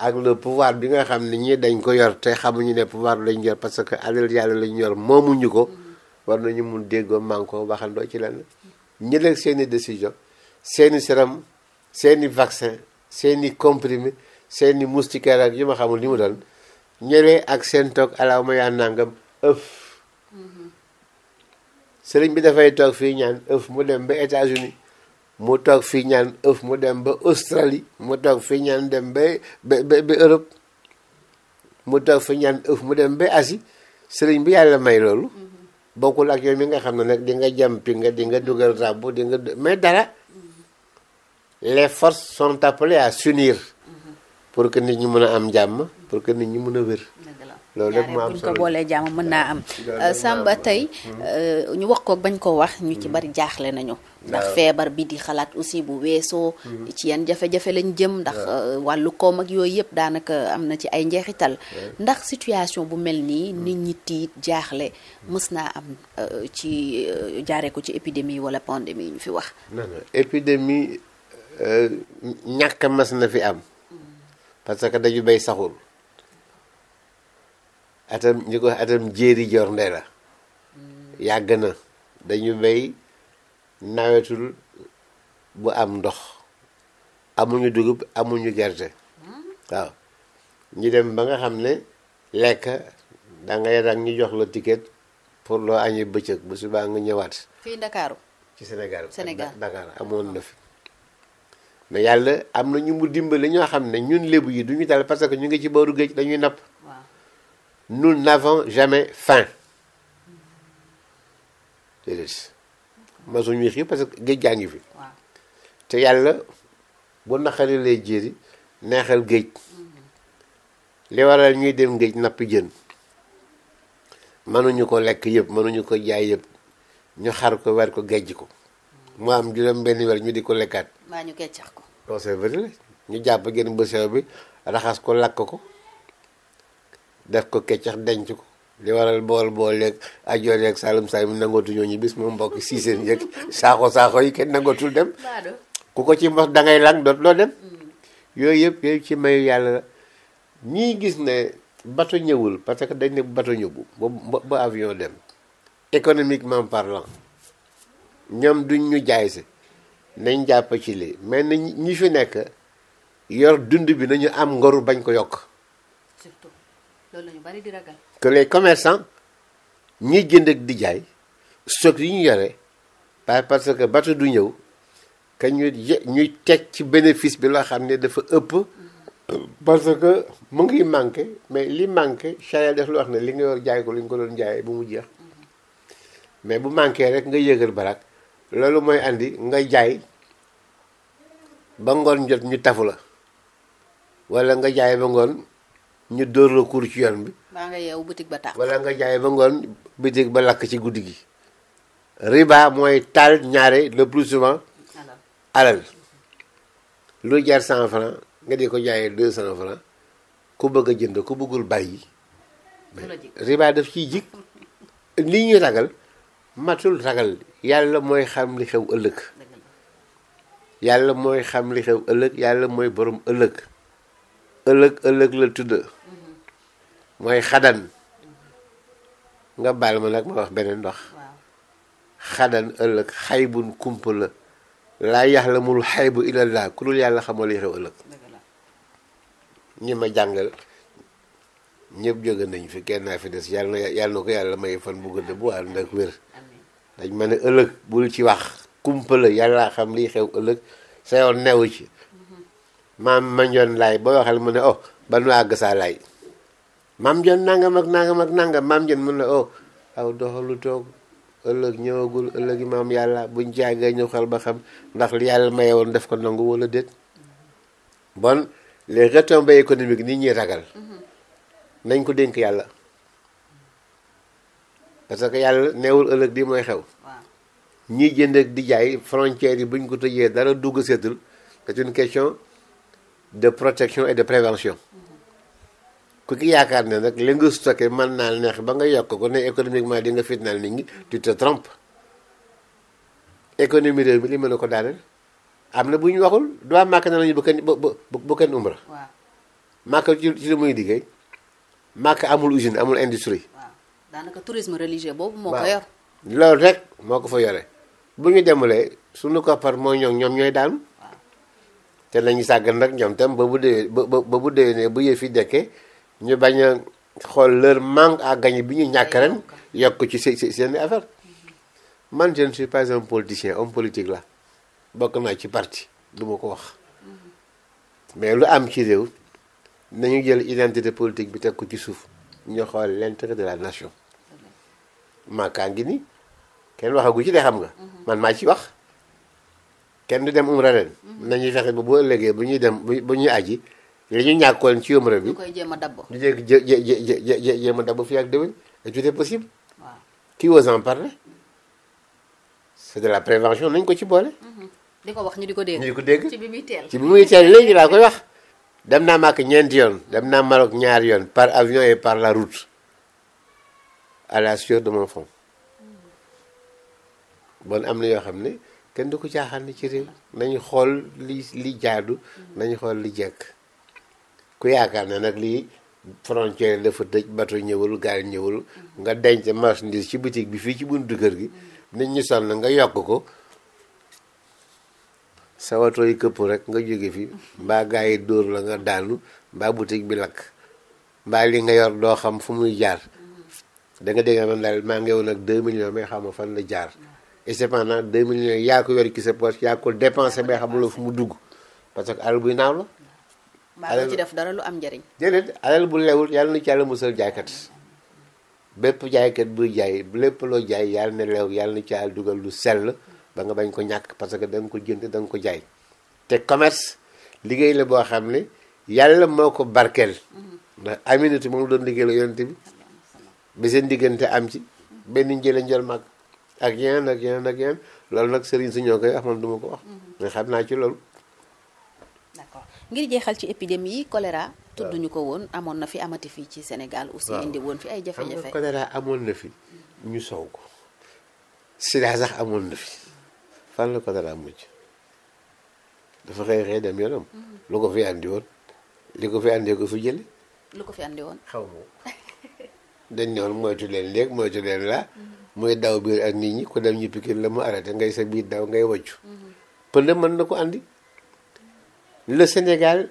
ak le pouvoir bi nga xam ni ñi dañ ko yor te xamuñu ne pouvoir lañ yor parce que alal yàlla lañ yor ñu ko war nañu mun déggoo mànkoo waxandoo ci lenn ñëleeg seeni décision seeni sérum seeni vaccin seeni comprimé seeni moustiquaire ak yi ma xamul li mu doon ñëlee ak seen toog alaw ma yaa nangam ëf mm-hmm. sëriñ bi dafay toog fii ñaan ëf mu dem ba États-Unis mu toog fii ñaan ëf mu dem ba Australie mu toog fii ñaan dem ba ba ba Europe mu toog fii ñaan ëf mu dem ba Asie sëriñ bi yàlla may loolu bokkul ak yow mi nga xam ne nag di nga jàmpi nga di nga dugal ràbbu di nga mais dara les forces sont appelées à s'unir pour que nit ñi mën a am jàmm pour que nit ñi mën a wér loolu lépp mu am solo mën naa am Samba tey hmm. euh, ñu wax ko bañ koo wax ñu ci hmm. bari jaaxle nañu ndax feebar bi di xalaat aussi bu weesoo mm-hmm. ci yan jafe-jafe lañ jëm ndax euh, wàllu koo mag yooyu yëpp daanaka am na ci ay njeexital ndax situation bu mel nii mm-hmm. nit ñi tiit jaaxle mm-hmm. mës naa am euh, ci euh, jaaree ko ci épidémie wala pandémie ñu fi wax non non épidémie ñàkk mas na fi am mm. parce que dañu bay saxul atam ñi ko atam jéeri jor la mm. yàgg na dañu bay nawetul bu am ndox amuñu dugub amuñu gerte waaw ñu dem ba nga xam ne lekk danga ngay rang ñu jox la ticket pour loo añee bëccëg bu subaa nga ñëwaat. fii Ndakaaru. ci Sénégal Sénégal Dakar amoon na fi. mais yàlla am na ñu mu dimbali nga xam ne ñun lébu yi du duñu dal parce que ñu ngi ci booru géej dañuy napp. waaw nous n'avons jamais faim. masuñu xiif parce que géej gaa ngi fi. te yàlla bu naqari lay jéeri neexal géej mm-hmm. li waral ñuy dem géej nappi jën mënuñu ko lekk yëpp mënuñu ko jaay yëpp ñu xar ko war ko gejj ko mm-hmm. mu am juróom benn weer ñu di ko lekkaat. maa ñu keccax ko. non ñu jàpp gën ba bi raxas ko lakk ko def ko keccax denc ko. li waral bool bool yeeg ajoor yeeg Saalum Saalum nangootuñoo ñu bis moom mbokk si seen yeeg saaxo saaxo yi kenn nangootul dem ku ko ci mos dangay ngay lang doot loo dem yooyu yëpp yooyu ci mayu yàlla la ñii gis ne bato ñëwul parce que dañ ne bato ñëwul ba ba avion dem économiquement parlant ñoom duñ ñu jaay si nañ jàpp ci lii mais na ñi fi nekk yor dund bi nañu am ngoru bañ ko yokk que les commerçants ñiy jënd di jaay stock yi ñu yore parce que bato du ñëw que ñu ñuy teg ci bénéfice bi loo xam ne dafa ëpp. parce que mu ngi manqué mais li manqué charia def lu wax ne li nga yor jaay ko li nga ko doon jaayee bu mu jeex mais bu manqué rek nga yëgal barak loolu mooy indi nga jaay ba ngoon njot ñu tafu la wala nga jaay ba ngoon. ñu dóor la kuur ci yoon bi. baa nga yeewu bitig ba tàkk. wala nga jaay ba ngoon bitig ba lakk ci guddi gi. riba mooy taal ñaare le plus souvent. alal lu jar cent franc nga di ko jaayee deux cent franc ku bëgg a jënd ku bëggul yi riba def ci jig li ñuy ragal matul ragal yàlla mooy xam li xew ëllëg. yàlla mooy xam li xew ëllëg yàlla mooy boroom ëllëg ëllëg ëllëg la tudd. mooy xadan nga baal ma nag ma wax beneen ndox xadan ëllëg xaybun kumpa la laa yaxlamul xaybu illallah ku dul yàlla xamoo li xew ëllëg ñi ma jàngal ñëpp jóge nañ fi kenn naa fi des yàlla na yàlla ko yàlla may fan bu bu ànd ak wér dañ ma ne ëllëg bul ci wax kumpa la yàllaa xam liy xew ëllëg sa yoon newu ci mhm. ma njoon laay ba waxal mu ne oh ba nu àgg saa laay maam Dieng nangam ak nangam ak nangam maam Dieng mun la oh aw doxalu toog ëllëg ñëwagul ëllëgi maam yàlla buñ jaagee ñëw xel ba xam ndax li yàlla maye woon def ko nangu wala déet bon les retombées économiques nit ñi ragal mm-hmm. nañ ko dénk yàlla parce que yàlla neewul ëllëg di mooy xew ñi jënd ak di jaay frontières yi buñ ko tëjee dara dugg seetul c'est question de protection et de prévention ku ki yaakaar ne nag li nga stocké mën naa neex ba nga yokk ko ne économiquement di nga fitnaal nit ñi tu te trompes économie réew mi li mën ko daaneel am na bu ñu waxul doit makk na lañu bu kenn bu kenn umra màkk ci ci la muy liggéey màkk amul usine amul industrie daanaka tourisme religieux boobu moo ko yor loolu rek moo ko fa yore bu ñu demulee suñu koppar mooy ñoom ñoom ñooy daan te lañu sàggan rek ñoom tam ba bu dee ba bu dee ne bu yëf yi dekkee ñu bañ a xool leur manque à gagner bi ñuy ñàkk ren yokk ci seen affaire mhm. man je ne suis pas un politicien homme politique la bokk naa ci parti duma ko wax mhm. mais lu am ci réew nañu jël identité politique bi teg ko ci suuf ñu xool l'intérêt de la nation mhm. maakaa ngi ni kenn waxagu ci de xam nga man maa ci wax kenn du dem umra ren nañuy fexe ba bu ëllëgee bu ñuy dem bu ñuy aji yooyu ñu ñàkkoon ci yomb bi ñu koy jéem a dabb. di jéem jé jéem a dabb fii ak déwén et tout est possible. waaw qui ose en parler. c' est de la prévention nañ ko ci boole. Mm-hmm. di ko wax ñu di ko dégg ñu di ko dégg. ci bi muy teel ci bi muy teel léegi laa koy wax. dem naa Màkk ñeenti yoon dem naa Maroc ñaari yoon par avion et par la route à la sueur de mon front mm-hmm. bon am na yoo xam ne kenn du ko caaxaan ci réew nañu xool li li jaadu mm-hmm. nañu xool li jekk. ku yaakaar na nag lii frontière dafa tëj bato ñëwul gaal ñëwul nga denc marchandise ci boutique bi fii ci buntu kër gi nit ñu sonn nga yokk ko sa wato yi këpp rek nga jóge fi mbaa gaa yi dóor la nga daanu mbaa boutique bi lakk mbaa li nga yor doo xam fu muy jaar danga nga dégg man daal maa ngi woon ak 2 millions mais xaw ma fan la jaar et cependant 2 millions yaa ko yor ci sa poche yaa ko dépensé mais xamuloo fu mu dugg parce que naaw la. alal def dara lu am njëriñ. déedéet alal bu lewul yàlla na ci yàlla musal jaaykat bépp jaaykat buy jaay lépp loo jaay yàlla na lew yàlla na ci yàlla dugal lu sell ba nga bañ ko ñàkk parce que da ko jënd danga ko jaay. te commerce liggéey la boo xam ne yàlla moo ko barkeel. ndax Aminatu moom doon liggéey la yonent bi ba seen diggante am ci benn jële njël mag ak yeneen ak yeneen ak yeneen loolu nag sëriñ si ñëw koy wax man du ko wax. Mm-hmm. mais xam naa ci loolu. ngir jeexal ci épidémie yi choléra. tudd ñu ko woon amoon na fi amati fii ci Sénégal. aussi indi woon fi ay jafe-jafe xam amoon na fi ñu sow ko. sida sax amoon na fi fan la choléra mujj mhm. lu ko fi andi woon li ko fi andee ko lu ko fi andi woon xaw ma dañ ne woon moytu leen léeg moytu leen la mhm. mooy daw biir ak nit ñi ku dem ñu pikir la mu arrêté ngay sa biir daw ngay wàccu. Mhm. pënd mën na ko andi. le Sénégal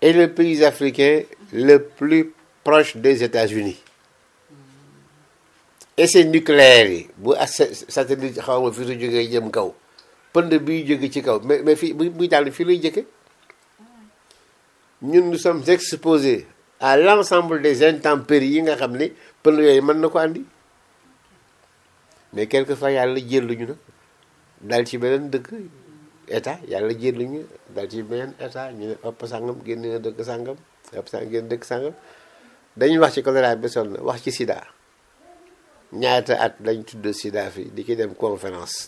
est le pays africain le plus proche des États-Unis essai nucléaire yi bu as satellite xaw ma fi su jógee jëm kaw pënd biy jóge ci kaw mais mais fii buy daal fii lay jëkke ñun nous sommes exposés à l'ensemble des intempéries yi nga xam ne pënd yooyu mën na ko àndi mais quelquefois yàlla jëlluñu nag daal ci beneen dëkk état yàlla génn ñu dal ci beneen état ñu ne ëpp sàngam génn dëkk sàngam ëpp dañuy wax ci choléra bi sonn wax ci sida ñaata at lañ tudd sida fi di ci dem conférence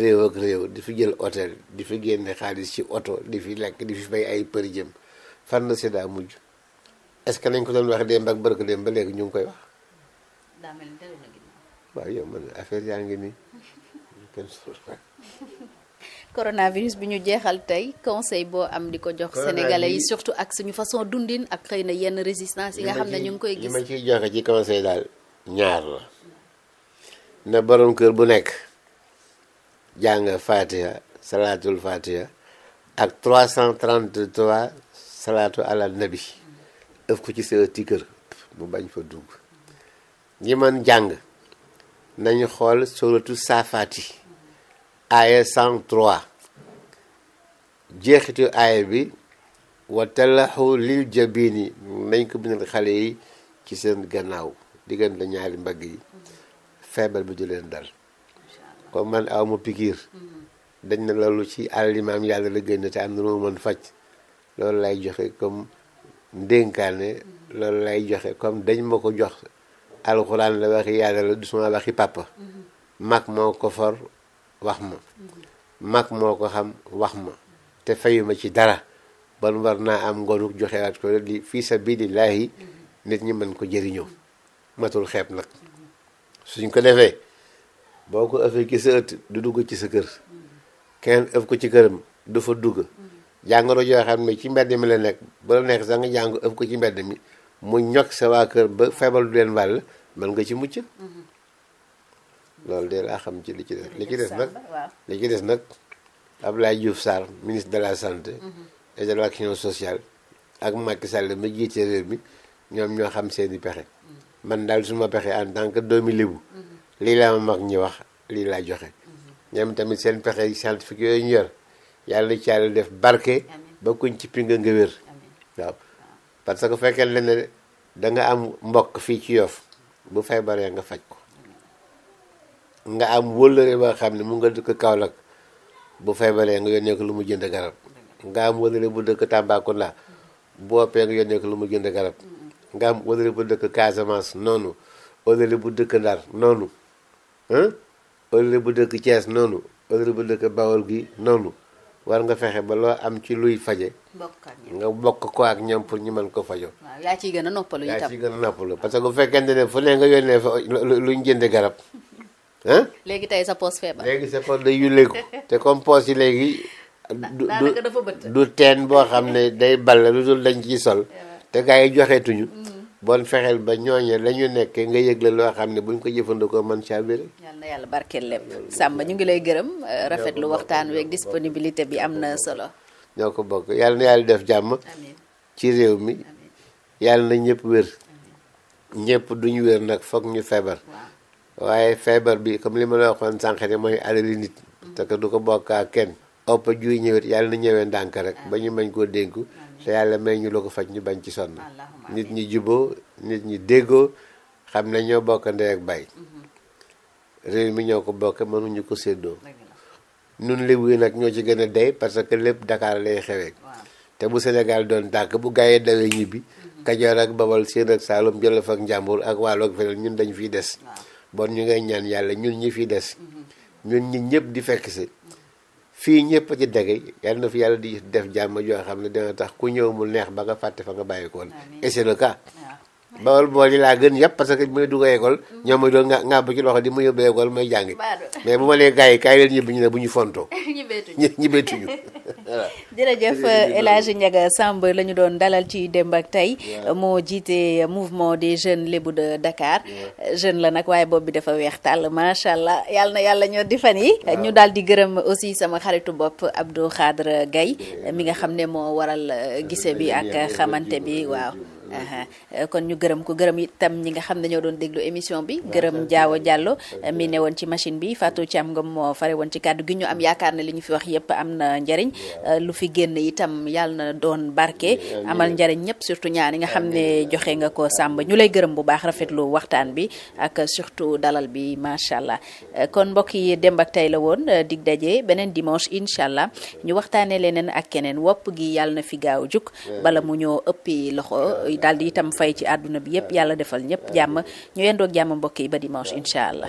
réew ak réew di fi jël hôtel di fi génne xaalis ci oto di fi lekk di fi bay ay për jëm fan la sida mujj est-ce que nañ ko doon wax démb ak bërk démb ba léegi ñu ngi koy wax waaw yow man affaire yaa ngi nii <laughs> coronavirus bi ñu jeexal tey conseil boo am di ko jox sénégalais yi surtout ak suñu façon dundin ak xëy na yenn résistance yi nga xam ne ñu ngi koy gis li ma ciy joxe ci conseil daal ñaar la na boroom kër bu nekk jàng fatiha salaatul fatiha ak 333 salaatu ala bi ëf ko ci sa ti kër mu bañ fa dugg ñi man jàng nañu xool suratu saafaati aaya 103 jeexitu aaya bi la talaxu lil jabini nañ ko bindal xale yi ci seen gannaaw diggante ñaari mbagg yi feebar bi du leen dal comme man aw pikiir mm-hmm. dañ na loolu ci àllimaam yàlla la gën te am na lu mën faj loolu lay joxe comme ndénkaane mm-hmm. loolu lay joxe comme dañ ma ko jox alxuraan la waxi yàlla la du suma waxi papa mm-hmm. mag moo ko wax ma mag moo ko xam wax ma te fayuma ci dara ban war naa am ngonuk joxewaat ko di fii nit ñi mën ko jëriñoo matul xeeb nag suñ ko defee boo ko ëffee ci sa ëtt du dugg ci sa kër kenn ëf ko ci këram du fa dugg jàngoro joo xam ne ci mbedd mi la nekk ba la nekk sax nga jàng ëf ko ci mbedd mi mu ñokk sa waa kër ba feebar du leen wàll mën nga ci mucc loolu de laa xam ci li ci des li des nag li ci des nag Abdoulaye Diouf Sarr ministre de la santé et mhm. de l'action sociale ak Macky Sall ma jiite réew mi ñoom ñoo xam seeni pexe mhm. man daal suma pexe en tant que doomi Lébu mhm. lii laa ma mag ñi wax lii laa joxe ñoom tamit seen pexe scientifique yooyu ñu yor yàlla ci yàlla def barke ba kuñ ci pinga nga wér waaw parce que fekkee ne da nga am mbokk fii ci Yoff bu feebaree nga faj ko nga am wëllëre ba xam ne mu nga dëkk Kaolack bu feebaree nga yónnee ko lu mu jënd garab nga am wëllëre bu dëkk Tambacounda bu woppee nga yónnee lu mu jënd garab nga am wëllëre bu dëkk Casamance noonu wëllëre bu dëkk Ndar noonu ah wëllëre bu dëkk cees noonu wëllëre bu dëkk Bawol gi noonu war nga fexe ba loo am ci luy faje nga bokk ko ak ñoom pour ñu mën ko fajo yaa ciy gën a noppalu itam yaa ciy parce que bu fekkente ne fu ne nga yónnee fa luñ jënd garab ah. léegi tey sa poos feebar. léegi sa poos day yuleeku te comme poos yi léegi. daanaka du teen boo xam ne day ball lu dul dañ ciy sol. te gars yi joxeetuñu. Mm. bon fexeel ba ñooñe lañu ñu nekkee nga yëgle loo xam ne buñ ko jëfandikoo man caa bëri. yal yàlla barkeel lépp Samba ñu ngi lay gërëm euh, rafetlu waxtaan weeg disponibilité bi am na solo. ñoo ko bokk yal na yàlla def jàmm. ci réew mi. yal na ñëpp wér. ñëpp duñu wér nag foog ñu feebar. waaye feebar bi comme li ma la waxoon sànq ne mooy alali nit parce que du ko bokk kenn opp juy ñëwet yàlla na ñëwee ndànk rek ba ñu mañ koo dénku te yàlla may ñu la ko faj ñu bañ ci sonn nit ñi juboo nit ñi déggoo xam ne ñoo bokk ndey ak bay mm-hmm. réew mi ñoo ko bokk mënuñu ko séddoo nun lébu yi nag ñoo ci gën a dey parce que lépp Dakar lay xewee te bu Sénégal doon tàkk bu gayee yi dawee ñibbi mm-hmm. Kajoor ak Bawol Siin ak Saalum Jolof ak Njàmbur ak Waalo ak feneen ñun dañ fiy des bon ñu ngay ñaan yàlla ñun ñi fi des ñun ñi ñëpp di fekk si fii ñëpp a ci dege yàlla na fi yàlla di def jàmm joo xam ne dina tax ku ñëw mu neex ba nga fàtte fa nga bàyyi ko woon et c'est bawol bool yi laa gën yëpp parce que muy dugg école ñoom muy doon nga ngàbb ci loxo di mu yóbbu école may jàngi mais bu ma nee gars yi kaay leen ñibbi ñu ne bu ñu fontoo <laughs> ñibbeetuñu <laughs> voilà jërëjëf El Hadji Ndiaga Samb la ñu doon dalal ci démb ak tey moo jiite mouvement des jeunes lébou de Dakar jeune la nag waaye bopp bi dafa weex tàll macha allah yàlla na yàlla ñoo di fan yi ñu daal di gërëm aussi sama xaritu bopp Abdou Khadre Gaye mi nga xam ne moo waral uh, gise bi ak xamante bi waaw Eh, kon ñu gërëm ko gërëm itam ñi nga xam ne ñoo doon déglu émission bi gërëm Diawa Diallo eh, mi ne woon ci machine bi Fatou Thiam nga moo fare woon ci kàddu gi ñu am yaakaar ne li ñu fi wax yépp am na njariñ eh, lu fi génn itam yàlla na doon barke amal njariñ ñëpp surtout ñaan yi nga xam ne joxe nga ko sàmb ñu lay gërëm bu baax rafetlu waxtaan bi ak surtout dalal bi macha allah kon mbokk yi dem ak tey la woon dig daje beneen dimanche incha allah ñu waxtaanee leneen ak keneen wopp gi yàlla na fi gaaw juk bala mu ñoo ëppi loxo daal di itam fay ci àdduna bi yëpp yàlla defal ñëpp jàmm ñu yendoog jàmm mbokk yi ba dimanche incha allah